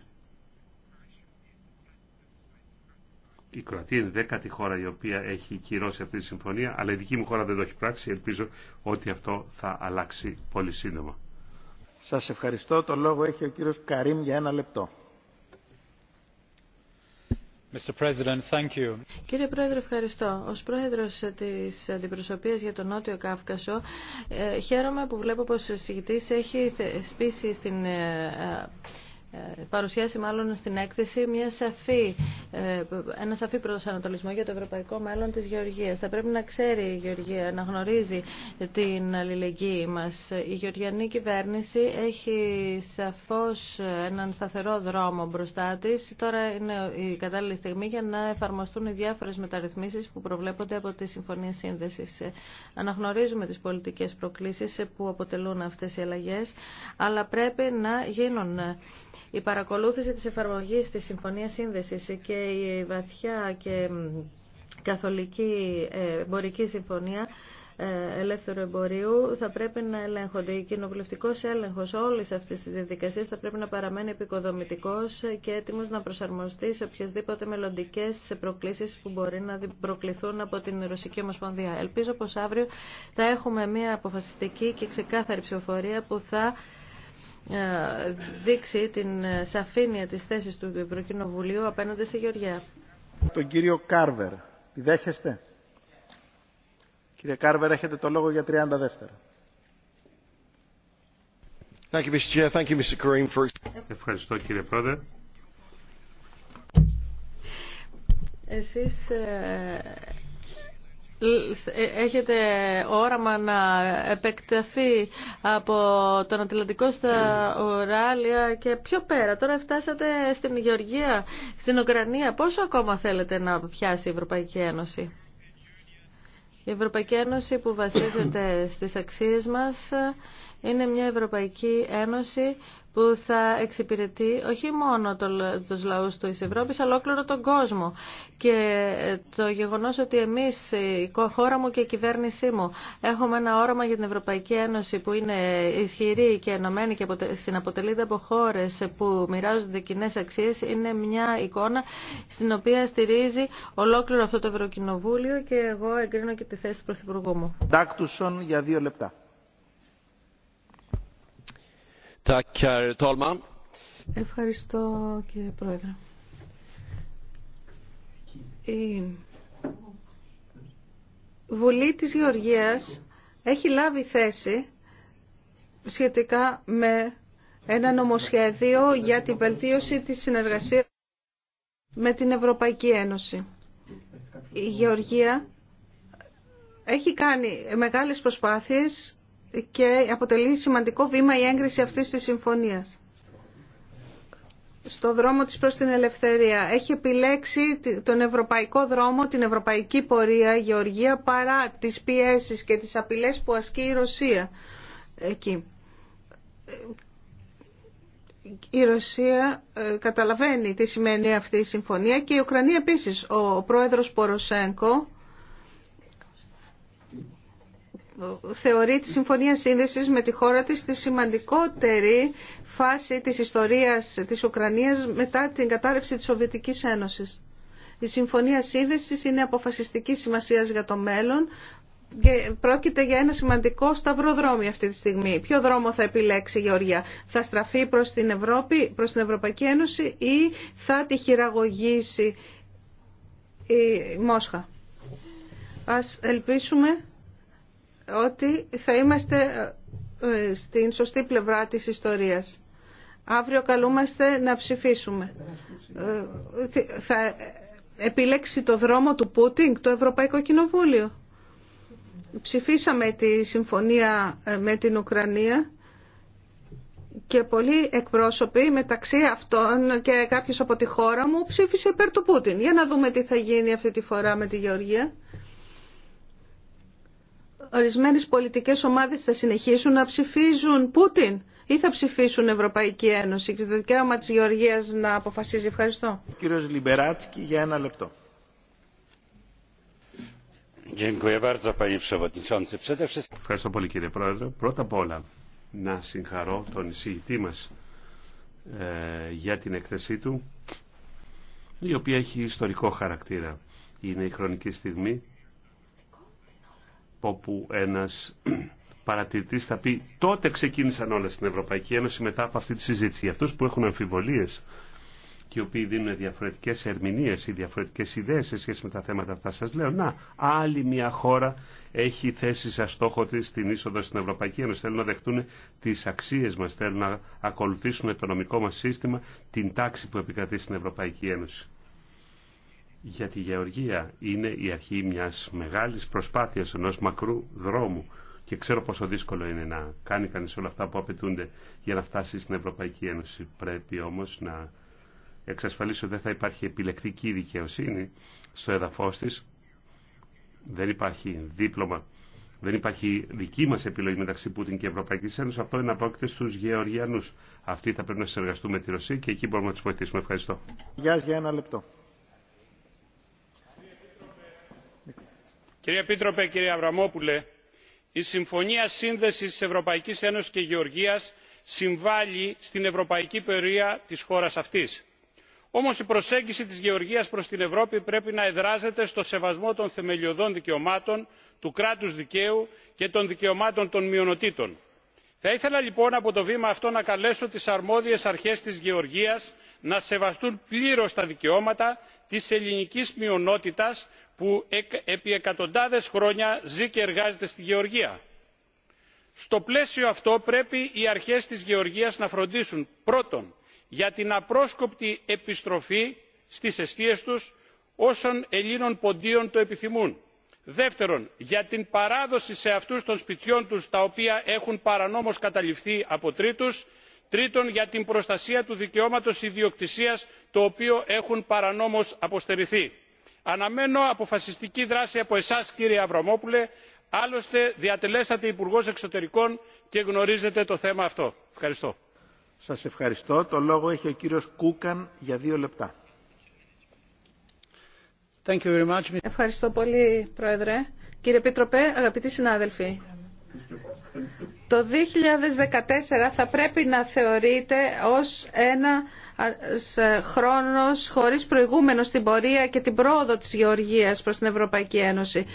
S5: η Κροατία είναι η δέκατη χώρα η οποία έχει κυρώσει αυτή τη συμφωνία, αλλά η δική μου χώρα δεν το έχει πράξει. Ελπίζω ότι αυτό θα αλλάξει πολύ σύντομα.
S7: Σας ευχαριστώ. Το λόγο έχει ο κύριος Καρίμ για ένα λεπτό.
S6: Κύριε Πρόεδρε, ευχαριστώ. Ω Πρόεδρο τη Αντιπροσωπεία για τον Νότιο Κάφκασο, ε, χαίρομαι που βλέπω πω ο συγητή έχει σπίσει στην ε, ε, παρουσίαση μάλλον στην έκθεση μια σαφή, ε, ένα σαφή προσανατολισμό για το ευρωπαϊκό μέλλον της Γεωργίας. Θα πρέπει να ξέρει η Γεωργία, να γνωρίζει την αλληλεγγύη μας. Η γεωργιανή κυβέρνηση έχει σαφώς έναν σταθερό δρόμο μπροστά τη. Τώρα είναι η κατάλληλη στιγμή για να εφαρμοστούν οι διάφορες μεταρρυθμίσεις που προβλέπονται από τη Συμφωνία Σύνδεσης. Αναγνωρίζουμε τις πολιτικές προκλήσεις που αποτελούν αυτές οι αλλαγές, αλλά πρέπει να γίνουν η παρακολούθηση της εφαρμογής της Συμφωνίας Σύνδεσης και η βαθιά και καθολική ε, εμπορική συμφωνία ε, ελεύθερου εμπορίου θα πρέπει να ελέγχονται. Ο κοινοβουλευτικό έλεγχο όλη αυτή τη διαδικασία θα πρέπει να παραμένει επικοδομητικό και έτοιμο να προσαρμοστεί σε οποιασδήποτε μελλοντικέ προκλήσει που μπορεί να προκληθούν από την Ρωσική Ομοσπονδία. Ελπίζω πω αύριο θα έχουμε μια αποφασιστική και ξεκάθαρη ψηφοφορία που θα ε, δείξει την σαφήνεια της θέσης του Ευρωκοινοβουλίου απέναντι στη Γεωργία.
S7: Τον κύριο Κάρβερ, τη δέχεστε. Κύριε Κάρβερ, έχετε το λόγο για 30 δεύτερα.
S5: Ευχαριστώ κύριε Πρόεδρε.
S6: Εσείς ε, ε, έχετε όραμα να επεκταθεί από τον Ατλαντικό στα Ουράλια και πιο πέρα. Τώρα φτάσατε στην Γεωργία, στην Ουκρανία. Πόσο ακόμα θέλετε να πιάσει η Ευρωπαϊκή Ένωση. Η Ευρωπαϊκή Ένωση που βασίζεται στις αξίες μας είναι μια Ευρωπαϊκή Ένωση που θα εξυπηρετεί όχι μόνο το, τους λαούς της Ευρώπης, αλλά ολόκληρο τον κόσμο. Και ε, το γεγονός ότι εμείς, η χώρα μου και η κυβέρνησή μου, έχουμε ένα όραμα για την Ευρωπαϊκή Ένωση που είναι ισχυρή και ενωμένη και συναποτελείται από χώρε που μοιράζονται κοινέ αξίες, είναι μια εικόνα στην οποία στηρίζει ολόκληρο αυτό το Ευρωκοινοβούλιο και εγώ εγκρίνω και τη θέση του Πρωθυπουργού μου. για δύο λεπτά.
S4: Ευχαριστώ κύριε Πρόεδρε. Η Βουλή της Γεωργίας έχει λάβει θέση σχετικά με ένα νομοσχέδιο για την βελτίωση της συνεργασίας με την Ευρωπαϊκή Ένωση. Η Γεωργία έχει κάνει μεγάλες προσπάθειες και αποτελεί σημαντικό βήμα η έγκριση αυτής της συμφωνίας στο δρόμο της προς την ελευθερία. Έχει επιλέξει τον ευρωπαϊκό δρόμο, την ευρωπαϊκή πορεία, γεωργία, παρά τις πιέσεις και τις απειλές που ασκεί η Ρωσία εκεί. Η Ρωσία ε, καταλαβαίνει τι σημαίνει αυτή η συμφωνία και η Ουκρανία επίσης. Ο πρόεδρος Ποροσέγκο θεωρεί τη Συμφωνία Σύνδεσης με τη χώρα της τη σημαντικότερη φάση της ιστορίας της Ουκρανίας μετά την κατάρρευση της Σοβιετικής Ένωσης. Η Συμφωνία Σύνδεσης είναι αποφασιστική σημασία για το μέλλον και πρόκειται για ένα σημαντικό σταυροδρόμι αυτή τη στιγμή. Ποιο δρόμο θα επιλέξει η Γεωργία. Θα στραφεί προς την Ευρώπη, προς την Ευρωπαϊκή Ένωση ή θα τη χειραγωγήσει η Μόσχα. Ας ελπίσουμε ότι θα είμαστε ε, ε, στην σωστή πλευρά της ιστορίας. Αύριο καλούμαστε να ψηφίσουμε. Ε, θα επιλέξει το δρόμο του Πούτινγκ το Ευρωπαϊκό Κοινοβούλιο. Ψηφίσαμε τη συμφωνία με την Ουκρανία και πολλοί εκπρόσωποι μεταξύ αυτών και κάποιος από τη χώρα μου ψήφισε υπέρ του Πούτιν. Για να δούμε τι θα γίνει αυτή τη φορά με τη Γεωργία ορισμένες πολιτικές ομάδες θα συνεχίσουν να ψηφίζουν Πούτιν ή θα ψηφίσουν Ευρωπαϊκή Ένωση και το δικαίωμα της Γεωργίας να αποφασίζει. Ευχαριστώ.
S7: κύριος Λιμπεράτσκι για ένα λεπτό.
S5: Ευχαριστώ πολύ κύριε Πρόεδρε. Πρώτα απ' όλα να συγχαρώ τον εισηγητή μας ε, για την εκθεσή του η οποία έχει ιστορικό χαρακτήρα. Είναι η χρονική στιγμή όπου ένας παρατηρητής θα πει τότε ξεκίνησαν όλα στην Ευρωπαϊκή Ένωση μετά από αυτή τη συζήτηση. Για αυτούς που έχουν αμφιβολίες και οι οποίοι δίνουν διαφορετικές ερμηνείες ή διαφορετικές ιδέες σε σχέση με τα θέματα αυτά σας λέω να άλλη μια χώρα έχει θέσει σαν στόχο της την είσοδο στην Ευρωπαϊκή Ένωση θέλουν να δεχτούν τις αξίες μας θέλουν να ακολουθήσουν το νομικό μας σύστημα την τάξη που επικρατεί στην Ευρωπαϊκή Ένωση για τη γεωργία είναι η αρχή μιας μεγάλης προσπάθειας ενός μακρού δρόμου και ξέρω πόσο δύσκολο είναι να κάνει κανείς όλα αυτά που απαιτούνται για να φτάσει στην Ευρωπαϊκή Ένωση. Πρέπει όμως να εξασφαλίσει ότι δεν θα υπάρχει επιλεκτική δικαιοσύνη στο έδαφος της. Δεν υπάρχει δίπλωμα, δεν υπάρχει δική μας επιλογή μεταξύ Πούτιν και Ευρωπαϊκής Ένωσης. Αυτό είναι απόκειται στους Γεωργιανούς. Αυτοί θα πρέπει να συνεργαστούμε με τη Ρωσία και εκεί μπορούμε να του βοηθήσουμε. Ευχαριστώ.
S8: Γεια, για ένα λεπτό. Κύριε Επίτροπε, κύριε Αβραμόπουλε, η Συμφωνία Σύνδεσης Ευρωπαϊκής Ένωσης και Γεωργίας συμβάλλει στην ευρωπαϊκή πορεία της χώρας αυτής. Όμως η προσέγγιση της Γεωργίας προς την Ευρώπη πρέπει να εδράζεται στο σεβασμό των θεμελιωδών δικαιωμάτων, του κράτους δικαίου και των δικαιωμάτων των μειονοτήτων. Θα ήθελα λοιπόν από το βήμα αυτό να καλέσω τις αρμόδιες αρχές της Γεωργίας να σεβαστούν πλήρως τα δικαιώματα της ελληνικής μειονότητας που επί εκατοντάδες χρόνια ζει και εργάζεται στη γεωργία. στο πλαίσιο αυτό πρέπει οι αρχές της γεωργίας να φροντίσουν πρώτον για την απρόσκοπτη επιστροφή στις αιστείες τους όσων ελλήνων ποντίων το επιθυμούν δεύτερον για την παράδοση σε αυτούς των σπιτιών τους τα οποία έχουν παρανόμως καταληφθεί από τρίτους τρίτον για την προστασία του δικαιώματος ιδιοκτησίας το οποίο έχουν παρανόμως αποστερηθεί αναμένω αποφασιστική δράση από εσάς κύριε Αβραμόπουλε, άλλωστε διατελέσατε υπουργός εξωτερικών και γνωρίζετε το θέμα αυτό. ευχαριστώ.
S7: σας ευχαριστώ. το λόγο έχει
S4: ο κύριος Κούκαν για δύο λεπτά. Ευχαριστώ πολύ, Πρόεδρε. Κύριε Πίτροπε, αγαπητοί συνάδελφοι, το 2014 θα πρέπει να θεωρείται ως ένα χρόνος χωρίς προηγούμενο στην πορεία και την πρόοδο της Γεωργίας προς την Ευρωπαϊκή Ένωση.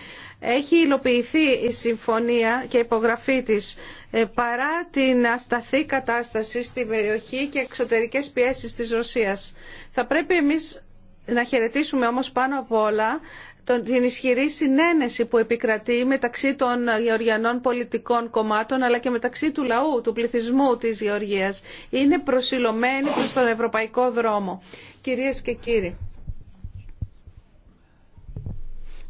S4: Έχει υλοποιηθεί η συμφωνία και η υπογραφή της ε, παρά την ασταθή κατάσταση στην περιοχή και εξωτερικές πιέσεις της Ρωσίας. Θα πρέπει εμείς να χαιρετήσουμε όμως πάνω απ' όλα την ισχυρή συνένεση που επικρατεί μεταξύ των γεωργιανών πολιτικών κομμάτων αλλά και μεταξύ του λαού, του πληθυσμού της Γεωργίας. Είναι προσιλωμένη προς τον ευρωπαϊκό δρόμο. Κυρίες και κύριοι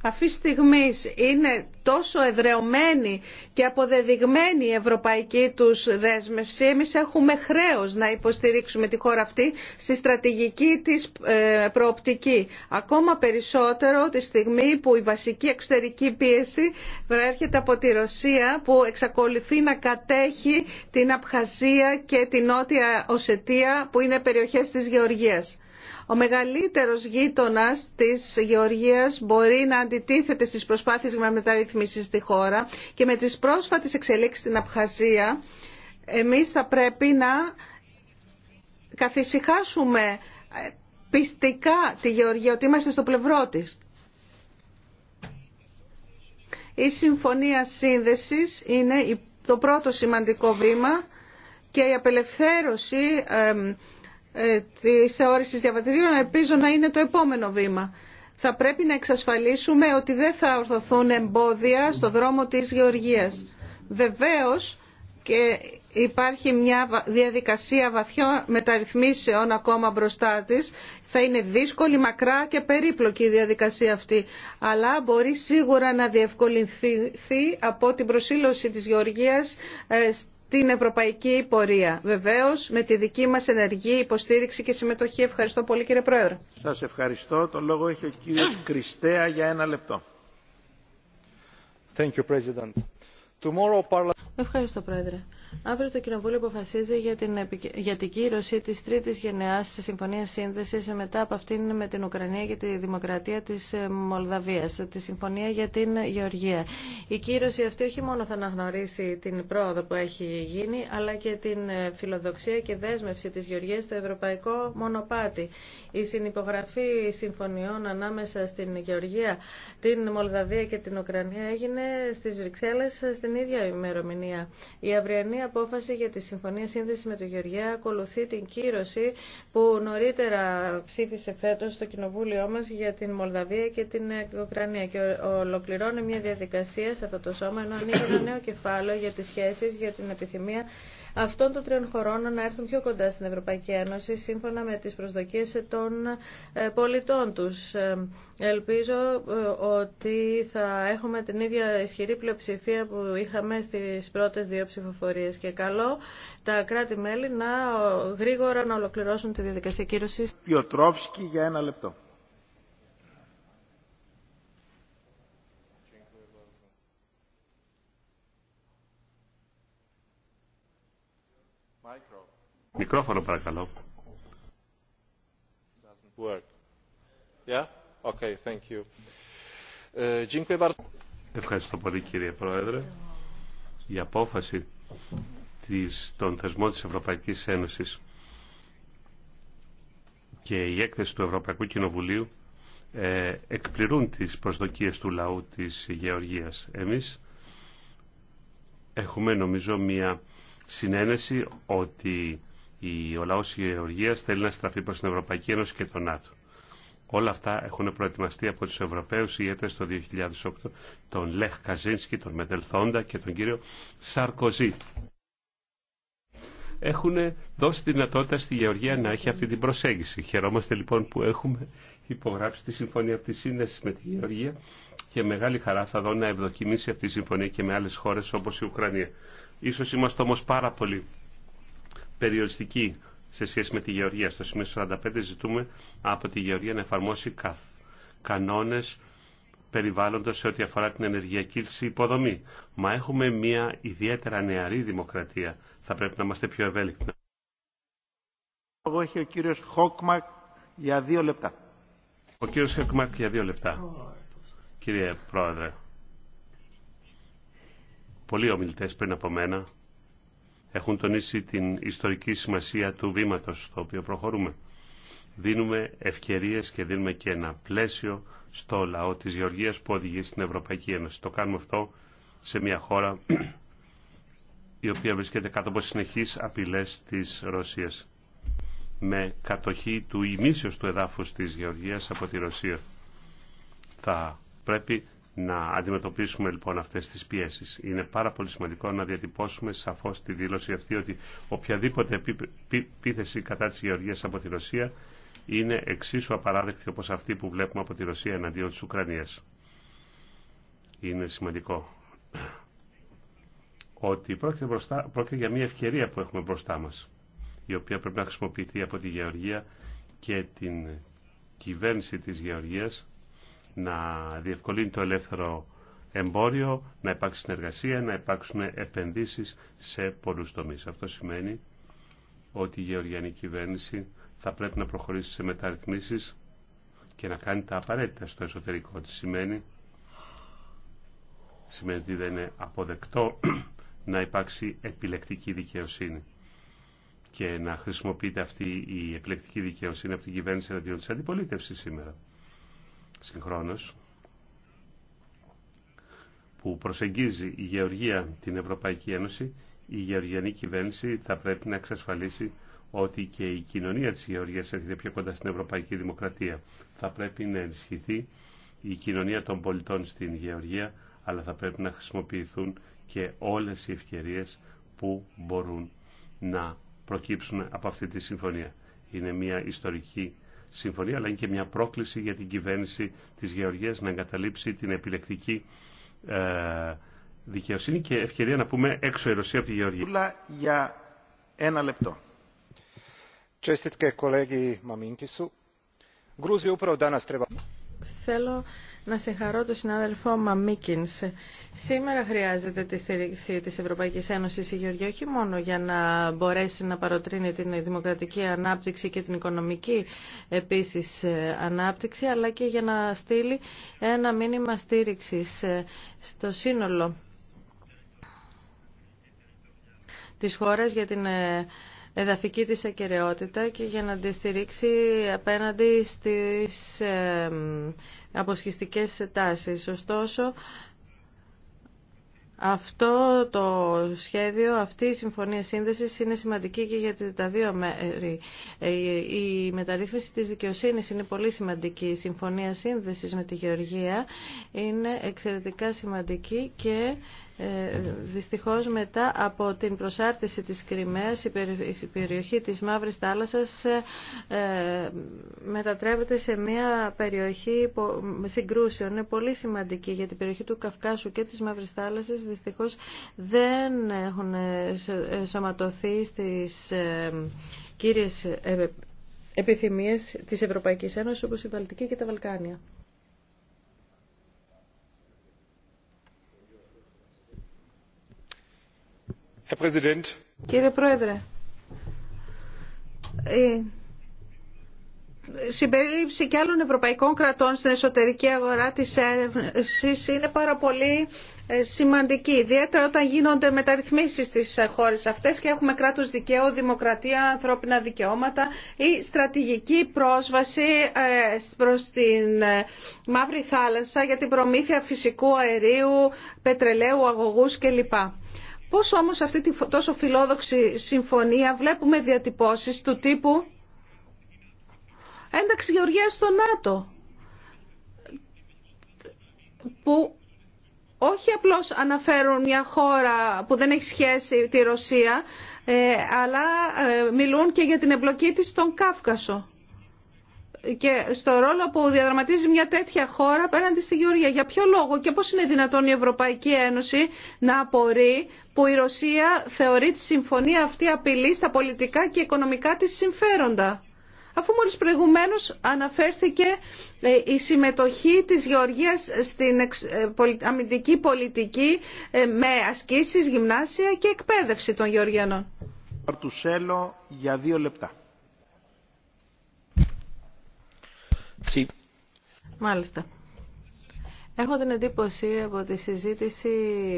S4: αυτή τη στιγμή είναι τόσο εδρεωμένη και αποδεδειγμένη η ευρωπαϊκή τους δέσμευση, εμείς έχουμε χρέος να υποστηρίξουμε τη χώρα αυτή στη στρατηγική της ε, προοπτική. Ακόμα περισσότερο τη στιγμή που η βασική εξωτερική πίεση προέρχεται από τη Ρωσία που εξακολουθεί να κατέχει την Απχαζία και την Νότια Οσετία που είναι περιοχές της Γεωργίας. Ο μεγαλύτερος γείτονας της Γεωργίας μπορεί να αντιτίθεται στις προσπάθειες για μεταρρύθμιση στη χώρα και με τις πρόσφατες εξελίξεις στην Απχαζία εμείς θα πρέπει να καθησυχάσουμε πιστικά τη Γεωργία ότι είμαστε στο πλευρό της. Η Συμφωνία Σύνδεσης είναι το πρώτο σημαντικό βήμα και η απελευθέρωση ε, της όρησης διαβατηρίων ελπίζω να είναι το επόμενο βήμα. Θα πρέπει να εξασφαλίσουμε ότι δεν θα ορθωθούν εμπόδια στο δρόμο της γεωργίας. Βεβαίως και υπάρχει μια διαδικασία βαθιών μεταρρυθμίσεων ακόμα μπροστά της. Θα είναι δύσκολη, μακρά και περίπλοκη η διαδικασία αυτή. Αλλά μπορεί σίγουρα να διευκολυνθεί από την προσήλωση της γεωργίας ε, την ευρωπαϊκή πορεία. Βεβαίως με τη δική μας ενεργή υποστήριξη και συμμετοχή. Ευχαριστώ πολύ κύριε Πρόεδρε.
S7: Σας ευχαριστώ. Το λόγο έχει ο κύριος Κριστέα για ένα λεπτό.
S6: Ευχαριστώ Πρόεδρε. Αύριο το Κοινοβούλιο αποφασίζει για την, κύρωση τη τρίτη γενεά τη συμφωνία σύνδεση μετά από αυτήν με την Ουκρανία και τη Δημοκρατία τη ε, Μολδαβία, τη Συμφωνία για την Γεωργία. Η κύρωση αυτή όχι μόνο θα αναγνωρίσει την πρόοδο που έχει γίνει, αλλά και την ε, φιλοδοξία και δέσμευση τη γεωργία στο ευρωπαϊκό μονοπάτι. Η συνυπογραφή συμφωνιών ανάμεσα στην Γεωργία, την Μολδαβία και την Ουκρανία έγινε στι Βρυξέλλε στην ίδια ημερομηνία. Η αυριανή η απόφαση για τη Συμφωνία Σύνδεση με το Γεωργιά ακολουθεί την κύρωση που νωρίτερα ψήφισε φέτο το Κοινοβούλιο μα για την Μολδαβία και την Ουκρανία. Και ολοκληρώνει μια διαδικασία σε αυτό το σώμα, ενώ ανοίγει ένα νέο κεφάλαιο για τι σχέσει, για την επιθυμία αυτών των τριών χωρών να έρθουν πιο κοντά στην Ευρωπαϊκή Ένωση σύμφωνα με τις προσδοκίες των ε, πολιτών τους. Ε, ελπίζω ε, ότι θα έχουμε την ίδια ισχυρή πλειοψηφία που είχαμε στις πρώτες δύο ψηφοφορίες και καλό τα κράτη-μέλη να γρήγορα να ολοκληρώσουν τη διαδικασία κύρωσης.
S7: Πιοτρόφσκι για ένα λεπτό.
S5: Μικρόφωνο παρακαλώ. Ε, Ευχαριστώ πολύ κύριε Πρόεδρε. Η απόφαση της, των θεσμών της Ευρωπαϊκής Ένωσης και η έκθεση του Ευρωπαϊκού Κοινοβουλίου ε, εκπληρούν τις προσδοκίες του λαού της Γεωργίας. Εμείς έχουμε νομίζω μια συνένεση ότι ο λαός Γεωργία θέλει να στραφεί προ την Ευρωπαϊκή Ένωση και τον ΝΑΤΟ. Όλα αυτά έχουν προετοιμαστεί από του Ευρωπαίου ηγέτε το 2008, τον Λεχ Καζίνσκι, τον Μεντελθόντα και τον κύριο Σαρκοζή. Έχουν δώσει δυνατότητα στη Γεωργία να έχει αυτή την προσέγγιση. Χαιρόμαστε λοιπόν που έχουμε υπογράψει τη συμφωνία αυτή σύνδεση με τη Γεωργία και μεγάλη χαρά θα δω να ευδοκιμήσει αυτή η συμφωνία και με άλλε χώρε όπω η Ουκρανία. Ίσως είμαστε όμως πάρα πολύ περιοριστική σε σχέση με τη Γεωργία. Στο σημείο 45 ζητούμε από τη Γεωργία να εφαρμόσει καθ, κανόνες περιβάλλοντος σε ό,τι αφορά την ενεργειακή της υποδομή. Μα έχουμε μια ιδιαίτερα νεαρή δημοκρατία. Θα πρέπει να είμαστε πιο ευέλικτοι.
S7: Εγώ έχει ο κύριος Χόκμακ για δύο λεπτά.
S5: Ο κύριος Χόκμακ για δύο λεπτά. Κύριε Πρόεδρε, πολλοί ομιλητές πριν από μένα έχουν τονίσει την ιστορική σημασία του βήματος στο οποίο προχωρούμε. Δίνουμε ευκαιρίες και δίνουμε και ένα πλαίσιο στο λαό της Γεωργίας που οδηγεί στην Ευρωπαϊκή Ένωση. Το κάνουμε αυτό σε μια χώρα η οποία βρίσκεται κάτω από συνεχείς απειλές της Ρωσίας με κατοχή του ημίσιος του εδάφους της Γεωργίας από τη Ρωσία. Θα πρέπει να αντιμετωπίσουμε λοιπόν αυτές τις πιέσεις. Είναι πάρα πολύ σημαντικό να διατυπώσουμε σαφώς τη δήλωση αυτή ότι οποιαδήποτε επίθεση κατά της Γεωργίας από τη Ρωσία είναι εξίσου απαράδεκτη όπως αυτή που βλέπουμε από τη Ρωσία εναντίον της Ουκρανίας. Είναι σημαντικό ότι πρόκειται, πρόκειται για μια ευκαιρία που έχουμε μπροστά μας, η οποία πρέπει να χρησιμοποιηθεί από τη Γεωργία και την κυβέρνηση της Γεωργίας να διευκολύνει το ελεύθερο εμπόριο, να υπάρξει συνεργασία, να υπάρξουν επενδύσεις σε πολλούς τομείς. Αυτό σημαίνει ότι η γεωργιανή κυβέρνηση θα πρέπει να προχωρήσει σε μεταρρυθμίσεις και να κάνει τα απαραίτητα στο εσωτερικό Τι Σημαίνει, σημαίνει ότι δεν είναι αποδεκτό να υπάρξει επιλεκτική δικαιοσύνη και να χρησιμοποιείται αυτή η επιλεκτική δικαιοσύνη από την κυβέρνηση εναντίον της αντιπολίτευση σήμερα συγχρόνως που προσεγγίζει η Γεωργία την Ευρωπαϊκή Ένωση, η γεωργιανή κυβέρνηση θα πρέπει να εξασφαλίσει ότι και η κοινωνία της Γεωργίας έρχεται πιο κοντά στην Ευρωπαϊκή Δημοκρατία. Θα πρέπει να ενισχυθεί η κοινωνία των πολιτών στην Γεωργία, αλλά θα πρέπει να χρησιμοποιηθούν και όλες οι ευκαιρίες που μπορούν να προκύψουν από αυτή τη συμφωνία. Είναι μια ιστορική συμφωνία, αλλά είναι και μια πρόκληση για την κυβέρνηση της Γεωργίας να εγκαταλείψει την επιλεκτική ε, δικαιοσύνη και ευκαιρία να πούμε έξω η
S3: Ρωσία από τη Γεωργία. για ένα λεπτό.
S6: Θέλω να συγχαρώ τον συνάδελφό Μαμίκινς. Σήμερα χρειάζεται τη στήριξη της Ευρωπαϊκής Ένωσης η Γεωργία όχι μόνο για να μπορέσει να παροτρύνει την δημοκρατική ανάπτυξη και την οικονομική επίσης ε, ανάπτυξη, αλλά και για να στείλει ένα μήνυμα στήριξης ε, στο σύνολο της χώρας για την ε, εδαφική της ακαιρεότητα και για να τη στηρίξει απέναντι στις αποσχιστικές τάσεις. Ωστόσο, αυτό το σχέδιο, αυτή η συμφωνία σύνδεσης είναι σημαντική και για τα δύο μέρη. Ε, η μεταρρύθμιση της δικαιοσύνης είναι πολύ σημαντική. Η συμφωνία σύνδεσης με τη Γεωργία είναι εξαιρετικά σημαντική και ε, δυστυχώς μετά από την προσάρτηση της Κρυμαίας η περιοχή της Μαύρης Θάλασσας ε, ε, μετατρέπεται σε μια περιοχή συγκρούσεων. Είναι πολύ σημαντική για την περιοχή του Καυκάσου και της Μαύρης Θάλασσας δυστυχώς δεν έχουν σωματωθεί στις κύριες επιθυμίες της Ευρωπαϊκής Ένωσης όπως η Βαλτική και τα Βαλκάνια.
S4: Κύριε Πρόεδρε, η συμπερίληψη και άλλων ευρωπαϊκών κρατών στην εσωτερική αγορά της έρευνας είναι πάρα πολύ ε, σημαντική, ιδιαίτερα όταν γίνονται μεταρρυθμίσεις στις χώρες αυτές και έχουμε κράτους δικαίου, δημοκρατία, ανθρώπινα δικαιώματα ή στρατηγική πρόσβαση ε, προς την ε, Μαύρη Θάλασσα για την προμήθεια φυσικού αερίου, πετρελαίου, αγωγούς κλπ. Πώς όμως αυτή τη τόσο φιλόδοξη συμφωνία βλέπουμε διατυπώσεις του τύπου ένταξη Γεωργίας στο ΝΑΤΟ που όχι απλώς αναφέρουν μια χώρα που δεν έχει σχέση τη Ρωσία ε, αλλά ε, μιλούν και για την εμπλοκή της στον Κάφκασο και στο ρόλο που διαδραματίζει μια τέτοια χώρα απέναντι στη Γεωργία. Για ποιο λόγο και πώς είναι δυνατόν η Ευρωπαϊκή Ένωση να απορεί που η Ρωσία θεωρεί τη συμφωνία αυτή απειλή στα πολιτικά και οικονομικά της συμφέροντα. Αφού μόλις προηγουμένως αναφέρθηκε ε, η συμμετοχή της Γεωργίας στην ε, αμυντική πολιτική ε, με ασκήσεις, γυμνάσια και εκπαίδευση των Γεωργιανών.
S7: Παρτουσέλο για δύο λεπτά.
S4: Μάλιστα.
S6: Έχω την εντύπωση από τη συζήτηση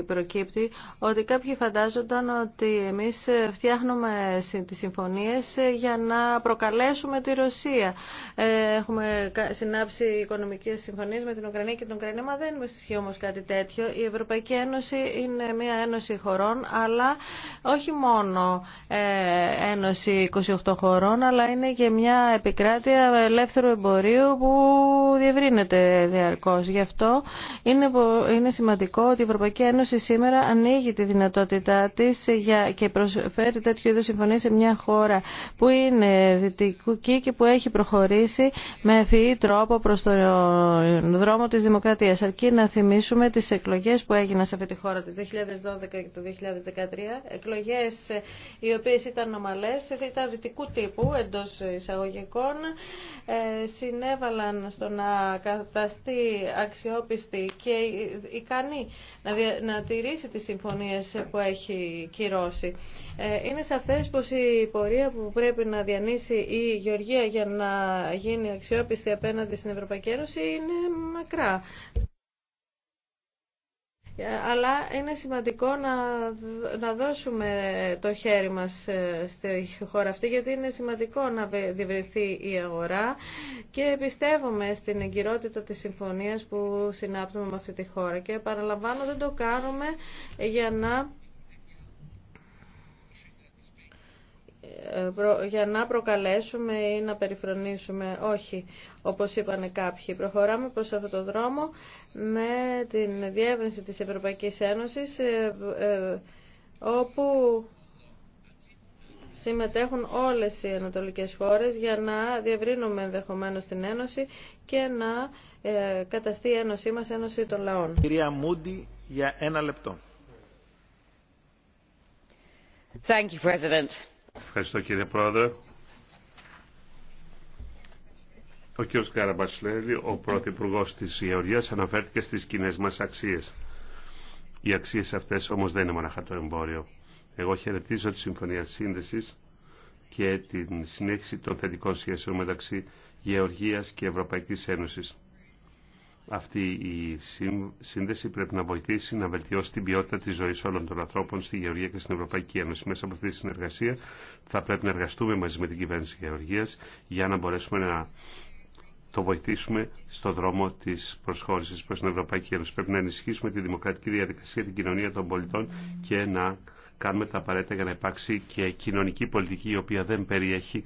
S6: προκύπτει ότι κάποιοι φαντάζονταν ότι εμείς φτιάχνουμε τις συμφωνίες για να προκαλέσουμε τη Ρωσία. Ε, έχουμε συνάψει οικονομικές συμφωνίες με την Ουκρανία και την Ουκρανία, μα δεν ισχύει όμως κάτι τέτοιο. Η Ευρωπαϊκή Ένωση είναι μια ένωση χωρών, αλλά όχι μόνο ε, ένωση 28 χωρών, αλλά είναι και μια επικράτεια ελεύθερου εμπορίου που διευρύνεται διαρκώς. Γι' αυτό είναι, είναι σημαντικό ότι η Ευρωπαϊκή Ένωση σήμερα ανοίγει τη δυνατότητά τη και προσφέρει τέτοιου είδου συμφωνίε σε μια χώρα που είναι δυτική και που έχει προχωρήσει με ευφυή τρόπο προς τον δρόμο της δημοκρατίας. Αρκεί να θυμίσουμε τις εκλογές που έγιναν σε αυτή τη χώρα το 2012 και το 2013, εκλογές ε, οι οποίες ήταν ομαλές, ε, ήταν δυτικού τύπου εντό εισαγωγικών, ε, συνέβαλαν στο να καταστεί πιστή και ικανή να τηρήσει τις συμφωνίες που έχει κυρώσει. Ε, είναι σαφές πως η πορεία που πρέπει να διανύσει η Γεωργία για να γίνει αξιόπιστη απέναντι στην Ευρωπαϊκή Ένωση είναι μακρά. Ε, αλλά είναι σημαντικό να, να δώσουμε το χέρι μας ε, στη χώρα αυτή γιατί είναι σημαντικό να διευρυνθεί η αγορά και πιστεύουμε στην εγκυρότητα της συμφωνίας που συνάπτουμε με αυτή τη χώρα και παραλαμβάνω δεν το κάνουμε για να για να προκαλέσουμε ή να περιφρονήσουμε. Όχι, όπως είπαν κάποιοι. Προχωράμε προς αυτό τον δρόμο με την διεύρυνση της Ευρωπαϊκής Ένωσης ε, ε, όπου συμμετέχουν όλες οι ανατολικές χώρες για να διευρύνουμε ενδεχομένω την Ένωση και να ε, καταστεί η Ένωσή μας Ένωση των Λαών.
S7: Κυρία Μούντι, για ένα λεπτό.
S1: Thank you, President.
S5: Ευχαριστώ κύριε Πρόεδρε. Ο κ. Καραμπασλέλη, ο Πρωθυπουργό τη Γεωργία, αναφέρθηκε στι κοινέ μα αξίε. Οι αξίε αυτέ όμω δεν είναι μοναχά το εμπόριο. Εγώ χαιρετίζω τη Συμφωνία Σύνδεση και την συνέχιση των θετικών σχέσεων μεταξύ Γεωργία και Ευρωπαϊκή Ένωση. Αυτή η σύνδεση πρέπει να βοηθήσει να βελτιώσει την ποιότητα τη ζωή όλων των ανθρώπων στη Γεωργία και στην Ευρωπαϊκή Ένωση. Μέσα από αυτή τη συνεργασία θα πρέπει να εργαστούμε μαζί με την κυβέρνηση Γεωργία για να μπορέσουμε να το βοηθήσουμε στο δρόμο τη προσχώρηση προ την Ευρωπαϊκή Ένωση. Πρέπει να ενισχύσουμε τη δημοκρατική διαδικασία, την κοινωνία των πολιτών και να κάνουμε τα απαραίτητα για να υπάρξει και κοινωνική πολιτική η οποία δεν περιέχει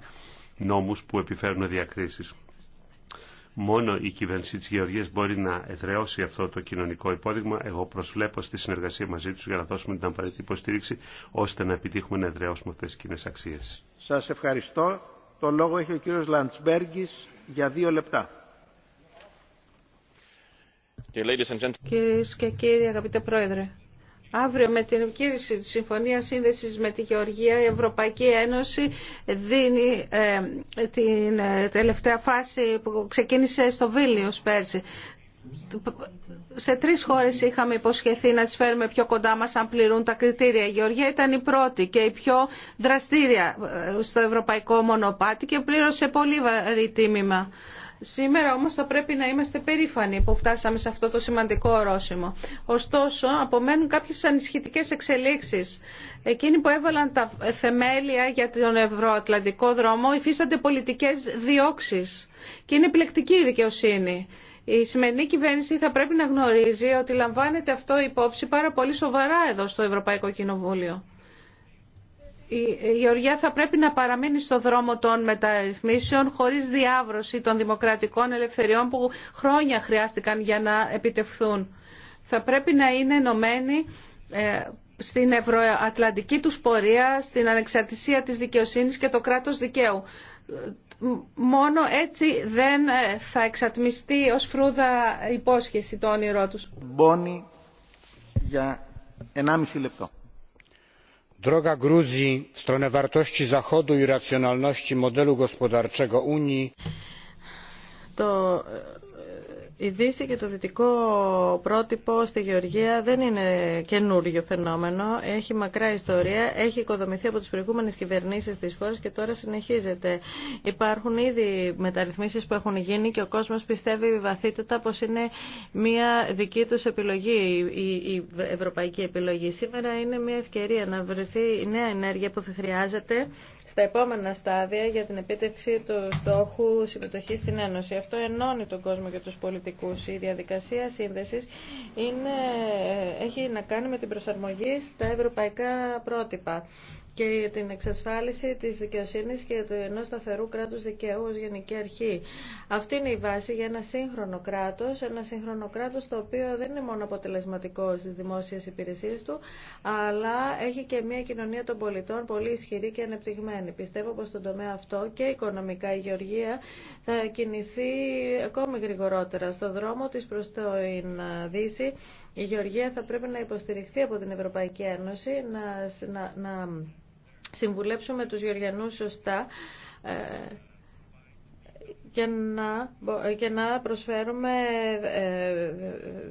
S5: νόμου που επιφέρουν διακρίσει. Μόνο η κυβέρνηση της Γεωργίας μπορεί να εδραιώσει αυτό το κοινωνικό υπόδειγμα. Εγώ προσβλέπω στη συνεργασία μαζί τους για να δώσουμε την απαραίτητη υποστήριξη ώστε να επιτύχουμε να εδραιώσουμε αυτές τις κοινές αξίες.
S7: Σας ευχαριστώ. Το λόγο έχει ο κύριος Λαντσμπέργκης για δύο λεπτά.
S4: Κυρίες και κύριοι, αγαπητέ Πρόεδρε, Αύριο με την κήρυξη της Συμφωνίας Σύνδεσης με τη Γεωργία η Ευρωπαϊκή Ένωση δίνει ε, την ε, τελευταία φάση που ξεκίνησε στο Βίλνιος πέρσι. Σε τρεις χώρες είχαμε υποσχεθεί να τις φέρουμε πιο κοντά μας αν πληρούν τα κριτήρια. Η Γεωργία ήταν η πρώτη και η πιο δραστήρια ε, στο ευρωπαϊκό μονοπάτι και πλήρωσε πολύ βαρύ τίμημα. Σήμερα όμως θα πρέπει να είμαστε περήφανοι που φτάσαμε σε αυτό το σημαντικό ορόσημο. Ωστόσο, απομένουν κάποιες ανισχυτικές εξελίξεις. Εκείνοι που έβαλαν τα θεμέλια για τον ευρωατλαντικό δρόμο υφίστανται πολιτικές διώξεις και είναι επιλεκτική η δικαιοσύνη. Η σημερινή κυβέρνηση θα πρέπει να γνωρίζει ότι λαμβάνεται αυτό υπόψη πάρα πολύ σοβαρά εδώ στο Ευρωπαϊκό Κοινοβούλιο η Γεωργία θα πρέπει να παραμείνει στο δρόμο των μεταρρυθμίσεων χωρίς διάβρωση των δημοκρατικών ελευθεριών που χρόνια χρειάστηκαν για να επιτευχθούν. Θα πρέπει να είναι ενωμένη ε, στην ευρωατλαντική τους πορεία, στην ανεξαρτησία της δικαιοσύνης και το κράτος δικαίου. Μόνο έτσι δεν ε, θα εξατμιστεί ως φρούδα υπόσχεση το όνειρό τους.
S7: για 1,5 λεπτό
S3: droga gruzji w stronę wartości zachodu i racjonalności modelu gospodarczego
S2: unii
S6: to η Δύση και το δυτικό πρότυπο στη Γεωργία δεν είναι καινούργιο φαινόμενο. Έχει μακρά ιστορία, έχει οικοδομηθεί από τις προηγούμενες κυβερνήσεις της χώρας και τώρα συνεχίζεται. Υπάρχουν ήδη μεταρρυθμίσεις που έχουν γίνει και ο κόσμος πιστεύει βαθύτατα πως είναι μια δική τους επιλογή, η ευρωπαϊκή επιλογή. Σήμερα είναι μια ευκαιρία να βρεθεί η νέα ενέργεια που θα χρειάζεται στα επόμενα στάδια για την επίτευξη του στόχου συμμετοχή στην Ένωση. Αυτό ενώνει τον κόσμο και τους πολιτικούς. Η διαδικασία σύνδεσης ε, έχει να κάνει με την προσαρμογή στα ευρωπαϊκά πρότυπα και για την εξασφάλιση της δικαιοσύνης και του ενός σταθερού κράτους δικαίου ως γενική αρχή. Αυτή είναι η βάση για ένα σύγχρονο κράτος, ένα σύγχρονο κράτος το οποίο δεν είναι μόνο αποτελεσματικό στις δημόσιες υπηρεσίες του, αλλά έχει και μια κοινωνία των πολιτών πολύ ισχυρή και ανεπτυγμένη. Πιστεύω πως στον τομέα αυτό και οικονομικά η Γεωργία θα κινηθεί ακόμη γρηγορότερα. Στον δρόμο της προς το Δύση η Γεωργία θα πρέπει να υποστηριχθεί από την Ευρωπαϊκή Ένωση, να, να, να συμβουλέψουμε τους Γεωργιανούς σωστά ε, και να, και να προσφέρουμε ε,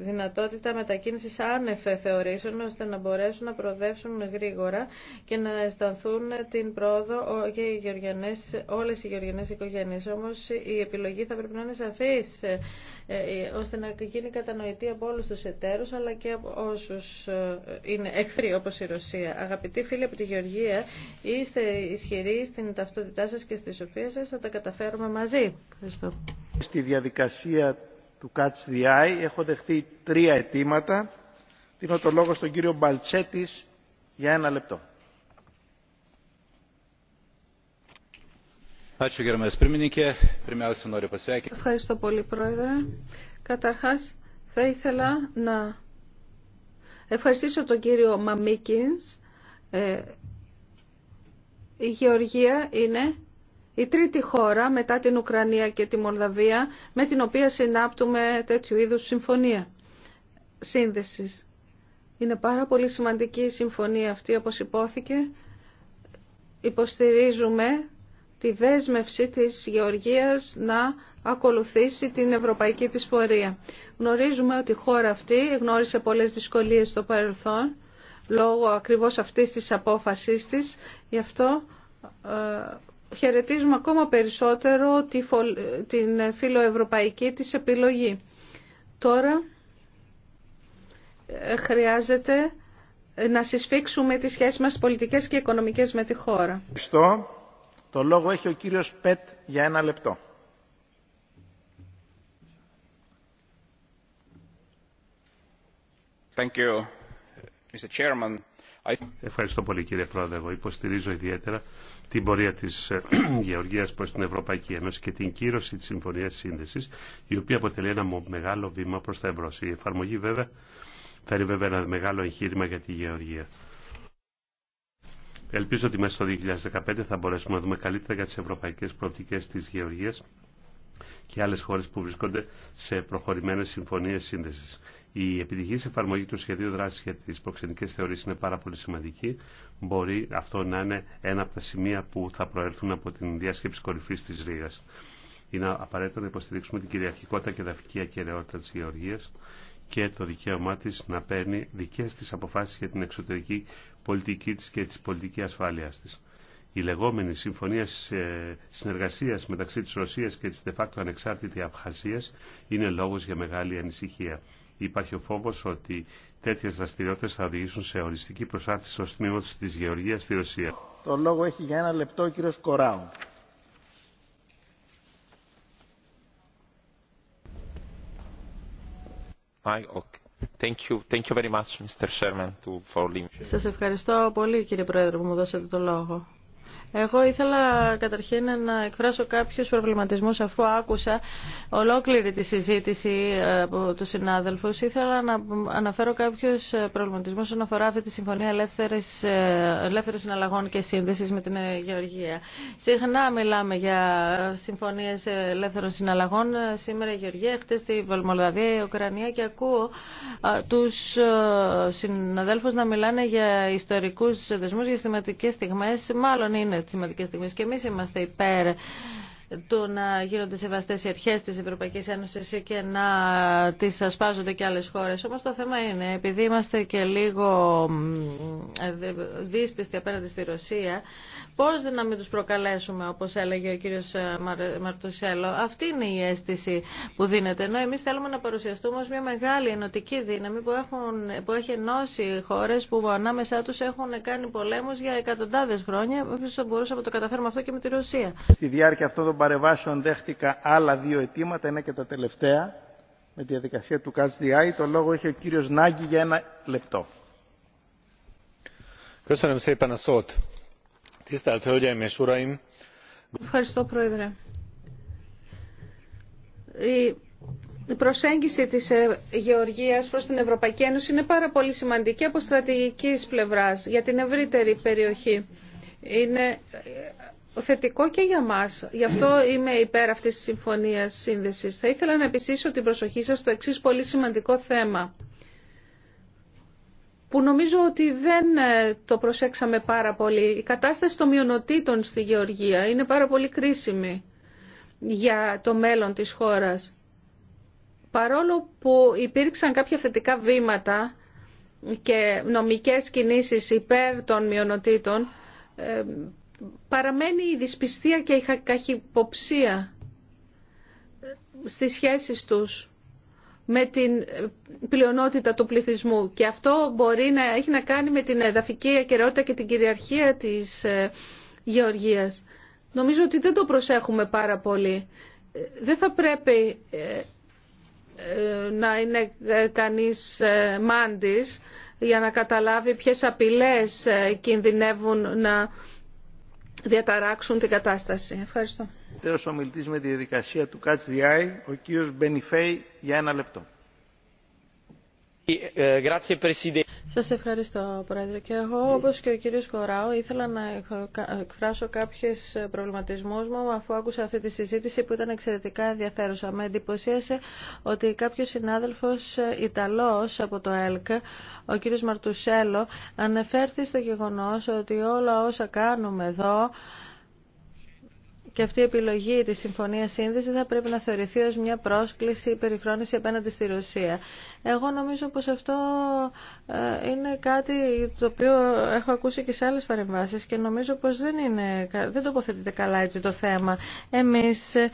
S6: δυνατότητα μετακίνησης άνευ θεωρήσεων ώστε να μπορέσουν να προοδεύσουν γρήγορα και να αισθανθούν την πρόοδο και οι γεωργιανές, όλες οι γεωργιανές οικογένειες. Όμως η επιλογή θα πρέπει να είναι σαφής ε, ε, ώστε να γίνει κατανοητή από όλους τους εταίρους αλλά και από όσους είναι εχθροί όπως η Ρωσία. Αγαπητοί φίλοι από τη Γεωργία, είστε ισχυροί στην ταυτότητά σας και στη σοφία σας, θα τα καταφέρουμε μαζί.
S7: Στη διαδικασία του Catch the Eye έχω δεχθεί τρία αιτήματα. Δίνω το λόγο στον κύριο Μπαλτσέτης για ένα λεπτό.
S4: Ευχαριστώ πολύ, Πρόεδρε. Καταρχάς, θα ήθελα να ευχαριστήσω τον κύριο Μαμίκινς. Ε, η Γεωργία είναι η τρίτη χώρα μετά την Ουκρανία και τη Μολδαβία με την οποία συνάπτουμε τέτοιου είδους συμφωνία σύνδεσης. Είναι πάρα πολύ σημαντική η συμφωνία αυτή όπως υπόθηκε. Υποστηρίζουμε τη δέσμευση της Γεωργίας να ακολουθήσει την ευρωπαϊκή της πορεία. Γνωρίζουμε ότι η χώρα αυτή γνώρισε πολλές δυσκολίες στο παρελθόν λόγω ακριβώς αυτής της απόφασής της. Γι' αυτό ε, χαιρετίζουμε ακόμα περισσότερο την φιλοευρωπαϊκή της επιλογή. Τώρα ε, χρειάζεται να συσφίξουμε τις σχέσεις μας πολιτικές και οικονομικές με τη χώρα.
S7: Ευχαριστώ. Το λόγο έχει ο κύριος Πετ για ένα λεπτό.
S5: Ευχαριστώ πολύ κύριε Πρόεδρε. υποστηρίζω ιδιαίτερα την πορεία της ε, Γεωργίας προς την Ευρωπαϊκή Ένωση και την κύρωση της Συμφωνίας Σύνδεσης, η οποία αποτελεί ένα μεγάλο βήμα προς τα εμπρός. Η εφαρμογή βέβαια θα είναι βέβαια ένα μεγάλο εγχείρημα για τη Γεωργία. Ελπίζω ότι μέσα στο 2015 θα μπορέσουμε να δούμε καλύτερα για τις ευρωπαϊκές προοπτικές της Γεωργίας και άλλες χώρες που βρίσκονται σε προχωρημένες συμφωνίες σύνδεσης η επιτυχή εφαρμογή του σχεδίου δράση για τι προξενικέ θεωρίε είναι πάρα πολύ σημαντική. Μπορεί αυτό να είναι ένα από τα σημεία που θα προέλθουν από την διάσκεψη κορυφή τη Ρήγα. Είναι απαραίτητο να υποστηρίξουμε την κυριαρχικότητα και δαφική ακεραιότητα τη Γεωργία και το δικαίωμά τη να παίρνει δικέ τη αποφάσει για την εξωτερική πολιτική τη και τη πολιτική ασφάλεια τη. Η λεγόμενη συμφωνία ε, συνεργασία μεταξύ τη Ρωσία και τη de facto ανεξάρτητη Αφχασία είναι λόγο για μεγάλη ανησυχία. Υπάρχει ο φόβος ότι τέτοιες δραστηριότητες θα οδηγήσουν σε οριστική προσάρτηση στο τμήμα της Γεωργίας στη Ρωσία.
S7: Το λόγο έχει για ένα λεπτό ο κύριος Κοράου.
S2: Σας
S6: ευχαριστώ πολύ κύριε Πρόεδρε που μου δώσατε το λόγο. Εγώ ήθελα καταρχήν να εκφράσω κάποιους προβληματισμούς αφού άκουσα ολόκληρη τη συζήτηση ε, από τους συνάδελφους. Ήθελα να αναφέρω κάποιους ε, προβληματισμούς όσον αφορά αυτή τη Συμφωνία ε, Ελεύθερων Συναλλαγών και Σύνδεσης με την Γεωργία. Συχνά μιλάμε για συμφωνίες ελεύθερων συναλλαγών. Σήμερα η Γεωργία, χτες στη Βολμολδαβία, η Ουκρανία και ακούω τους συναδέλφους να μιλάνε για ιστορικούς δεσμούς, για θεματικές στιγμές. Μάλλον είναι τι σημαντικέ στιγμέ και εμεί είμαστε υπέρ το να γίνονται σεβαστέ οι αρχέ τη Ευρωπαϊκή Ένωση και να τι ασπάζονται και άλλε χώρε. Όμω το θέμα είναι, επειδή είμαστε και λίγο δύσπιστοι απέναντι στη Ρωσία, πώ να μην του προκαλέσουμε, όπω έλεγε ο κύριος ε, Μαρτουσέλο. Αυτή είναι η αίσθηση που δίνεται. Ενώ εμεί θέλουμε να παρουσιαστούμε ω μια μεγάλη ενωτική δύναμη που, έχουν, που έχει ενώσει χώρε που ανάμεσά του έχουν κάνει πολέμου για εκατοντάδε χρόνια. Ίσως μπορούσαμε να το καταφέρουμε αυτό και με τη Ρωσία.
S7: Στη διάρκεια παρεμβάσεων δέχτηκα άλλα δύο αιτήματα, ένα και τα τελευταία, με τη διαδικασία του Catch Το λόγο έχει ο κύριος Νάγκη για ένα λεπτό.
S4: Ευχαριστώ, Πρόεδρε. Η προσέγγιση της ε, Γεωργίας προς την Ευρωπαϊκή Ένωση είναι πάρα πολύ σημαντική από στρατηγικής πλευράς για την ευρύτερη περιοχή. Είναι ε, θετικό και για μας. Γι' αυτό είμαι υπέρ αυτής της συμφωνίας σύνδεσης. Θα ήθελα να επισήσω την προσοχή σας στο εξής πολύ σημαντικό θέμα που νομίζω ότι δεν ε, το προσέξαμε πάρα πολύ. Η κατάσταση των μειονοτήτων στη Γεωργία είναι πάρα πολύ κρίσιμη για το μέλλον της χώρας. Παρόλο που υπήρξαν κάποια θετικά βήματα και νομικές κινήσεις υπέρ των μειονοτήτων, ε, παραμένει η δυσπιστία και η καχυποψία ε, στις σχέσεις τους με την ε, πλειονότητα του πληθυσμού. Και αυτό μπορεί να έχει να κάνει με την εδαφική ακαιρεότητα και την κυριαρχία της ε, γεωργίας. Νομίζω ότι δεν το προσέχουμε πάρα πολύ. Δεν θα πρέπει να είναι κανείς μάντης για να καταλάβει ποιες απειλές κινδυνεύουν να διαταράξουν την κατάσταση. Ευχαριστώ.
S7: Τέλος, ομιλητής με τη διαδικασία του Catch the Eye, ο κύριος Μπενιφέη για ένα λεπτό.
S6: Σας ευχαριστώ, Πρόεδρε. Και εγώ, όπως και ο κύριος Κοράου, ήθελα να εκφράσω κάποιες προβληματισμούς μου αφού άκουσα αυτή τη συζήτηση που ήταν εξαιρετικά ενδιαφέρουσα. Με εντυπωσίασε ότι κάποιος συνάδελφος Ιταλός από το ΕΛΚ, ο κύριος Μαρτουσέλο, ανεφέρθη στο γεγονός ότι όλα όσα κάνουμε εδώ και αυτή η επιλογή τη συμφωνία σύνδεση θα πρέπει να θεωρηθεί ω μια πρόσκληση ή περιφρόνηση απέναντι στη Ρωσία. Εγώ νομίζω πω αυτό ε, είναι κάτι το οποίο έχω ακούσει και σε άλλε παρεμβάσει και νομίζω πω δεν, δεν τοποθετείται καλά έτσι το θέμα. Εμείς ε,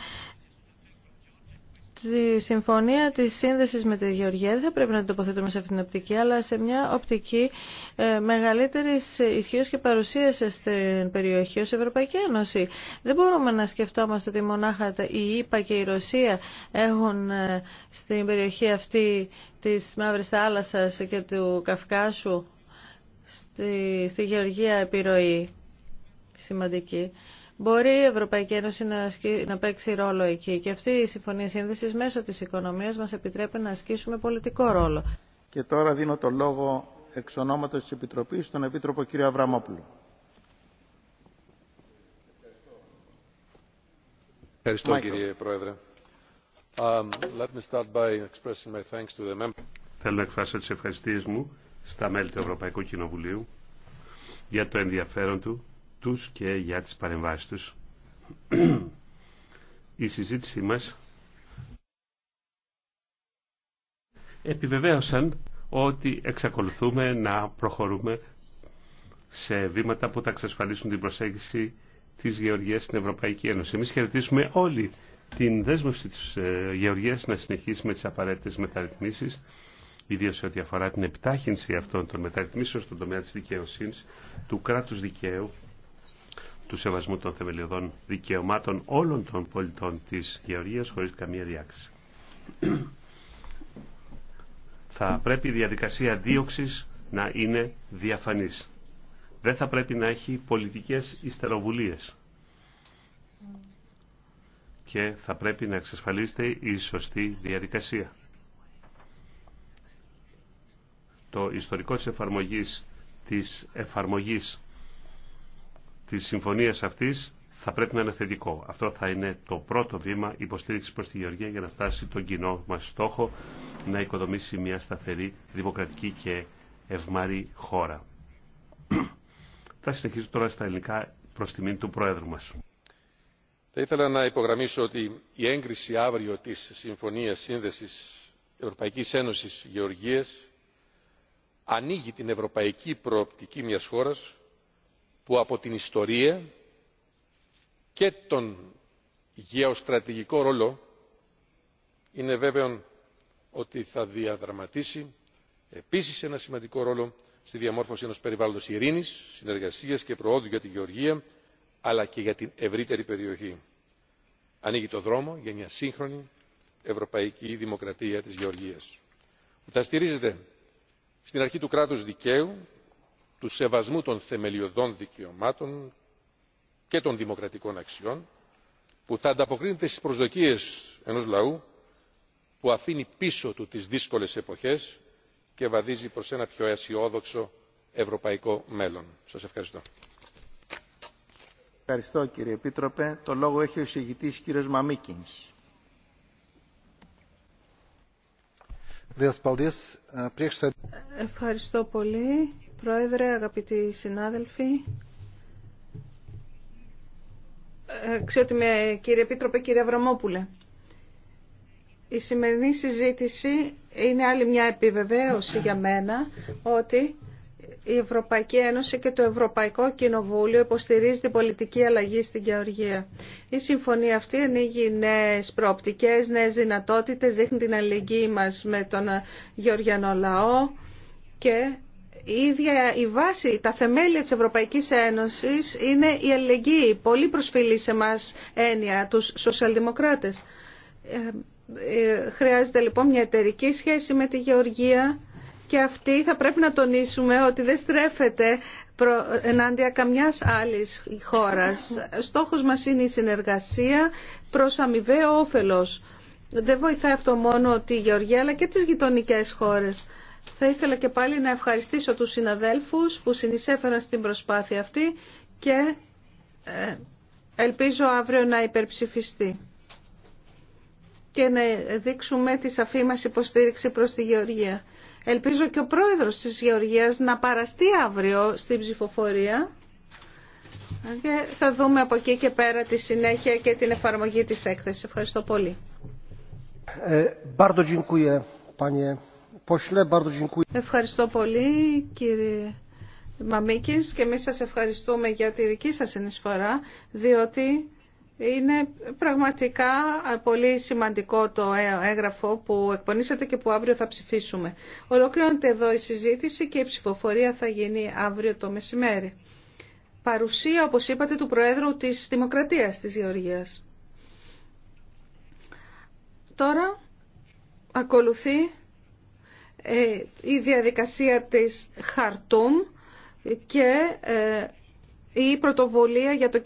S6: τη συμφωνία της σύνδεσης με τη Γεωργία δεν θα πρέπει να την τοποθετούμε σε αυτήν την οπτική, αλλά σε μια οπτική ε, μεγαλύτερη ισχύω και παρουσίας στην περιοχή ως Ευρωπαϊκή Ένωση. Δεν μπορούμε να σκεφτόμαστε ότι μονάχα η ΙΠΑ και η Ρωσία έχουν ε, στην περιοχή αυτή της Μαύρης Θάλασσα και του Καυκάσου στη, στη Γεωργία επιρροή σημαντική. Μπορεί η Ευρωπαϊκή Ένωση να, να παίξει ρόλο εκεί και αυτή η Συμφωνία Σύνδεσης μέσω της οικονομίας μας επιτρέπει να ασκήσουμε πολιτικό ρόλο.
S7: Και τώρα δίνω το λόγο εξ ονόματο της Επιτροπής στον Επίτροπο κ. Αβραμόπουλο.
S9: Ευχαριστώ κύριε Πρόεδρε. Um, let me start by expressing my to the Θέλω
S5: να εκφράσω τις ευχαριστίες μου στα μέλη του Ευρωπαϊκού Κοινοβουλίου για το ενδιαφέρον του τους και για τις παρεμβάσεις τους. Η συζήτησή μας επιβεβαίωσαν ότι εξακολουθούμε να προχωρούμε σε βήματα που θα εξασφαλίσουν την προσέγγιση της Γεωργίας στην Ευρωπαϊκή Ένωση. Εμείς χαιρετήσουμε όλοι την δέσμευση της ε, Γεωργίας να συνεχίσει με τις απαραίτητες μεταρρυθμίσεις, ιδίως σε ό,τι αφορά την επιτάχυνση αυτών των μεταρρυθμίσεων στον τομέα της δικαιοσύνης, του κράτους δικαίου του σεβασμού των θεμελιωδών δικαιωμάτων όλων των πολιτών της Γεωργίας χωρίς καμία διάκριση. θα πρέπει η διαδικασία δίωξης να είναι διαφανής. Δεν θα πρέπει να έχει πολιτικές ιστεροβουλίε. Και θα πρέπει να εξασφαλίσετε η σωστή διαδικασία. Το ιστορικό της εφαρμογής της εφαρμογής Τη συμφωνίας αυτής θα πρέπει να είναι θετικό. Αυτό θα είναι το πρώτο βήμα υποστήριξη προς τη Γεωργία για να φτάσει τον κοινό μας στόχο να οικοδομήσει μια σταθερή, δημοκρατική και ευμαρή χώρα. θα συνεχίσω τώρα στα ελληνικά προς μήνυ του Πρόεδρου μας.
S9: Θα ήθελα να υπογραμμίσω ότι η έγκριση αύριο της Συμφωνίας Σύνδεσης Ευρωπαϊκής Ένωσης Γεωργίας ανοίγει την ευρωπαϊκή προοπτική μιας χώρας που από την ιστορία και τον γεωστρατηγικό ρόλο είναι βέβαιο ότι θα διαδραματίσει επίσης ένα σημαντικό ρόλο στη διαμόρφωση ενός περιβάλλοντος ειρήνης συνεργασίας και προόδου για τη γεωργία αλλά και για την ευρύτερη περιοχή. ανοίγει το δρόμο για μια σύγχρονη ευρωπαϊκή δημοκρατία της γεωργίας που θα στηρίζεται στην αρχή του κράτους δικαίου του σεβασμού των θεμελιωδών δικαιωμάτων και των δημοκρατικών αξιών που θα ανταποκρίνεται στις προσδοκίες ενός λαού που αφήνει πίσω του τις δύσκολες εποχές και βαδίζει προς ένα πιο αισιόδοξο ευρωπαϊκό μέλλον. Σας ευχαριστώ.
S7: Ευχαριστώ κύριε Επίτροπε. Το λόγο έχει ο εισηγητής κύριος Μαμίκινς.
S3: Ε,
S4: ευχαριστώ πολύ Πρόεδρε, αγαπητοί συνάδελφοι, ε, κύριε Επίτροπε, κύριε Αβραμόπουλε. Η σημερινή συζήτηση είναι άλλη μια επιβεβαίωση για μένα ότι η Ευρωπαϊκή Ένωση και το Ευρωπαϊκό Κοινοβούλιο υποστηρίζει την πολιτική αλλαγή στην Γεωργία. Η συμφωνία αυτή ανοίγει νέε προοπτικέ, νέε δυνατότητε, δείχνει την αλληλεγγύη μα με τον γεωργιανό λαό και η η βάση, τα θεμέλια της Ευρωπαϊκής Ένωσης είναι η αλληλεγγύη, πολύ προσφυλή σε μας έννοια τους σοσιαλδημοκράτες. Ε, ε, χρειάζεται λοιπόν μια εταιρική σχέση με τη Γεωργία και αυτή θα πρέπει να τονίσουμε ότι δεν στρέφεται ενάντια καμιάς άλλης χώρας. Στόχος μας είναι η συνεργασία προς αμοιβαίο όφελος. Δεν βοηθάει αυτό μόνο τη Γεωργία αλλά και τις γειτονικές χώρες. Θα ήθελα και πάλι να ευχαριστήσω τους συναδέλφους που συνεισέφεραν στην προσπάθεια αυτή και ε, ελπίζω αύριο να υπερψηφιστεί και να δείξουμε τη σαφή μας υποστήριξη προς τη Γεωργία. Ελπίζω και ο πρόεδρος της Γεωργίας να παραστεί αύριο στην ψηφοφορία και θα δούμε από εκεί και πέρα τη συνέχεια και την εφαρμογή της έκθεσης. Ευχαριστώ πολύ. Ε, Ευχαριστώ πολύ κύριε Μαμίκης και εμείς σας ευχαριστούμε για τη δική σας συνεισφορά διότι είναι πραγματικά πολύ σημαντικό το έγγραφο που εκπονήσατε και που αύριο θα ψηφίσουμε. Ολοκληρώνεται εδώ η συζήτηση και η ψηφοφορία θα γίνει αύριο το μεσημέρι. Παρουσία, όπως είπατε, του Προέδρου της Δημοκρατίας της Γεωργίας. Τώρα ακολουθεί ε, η διαδικασία της Χαρτούμ και ε, η πρωτοβουλία για το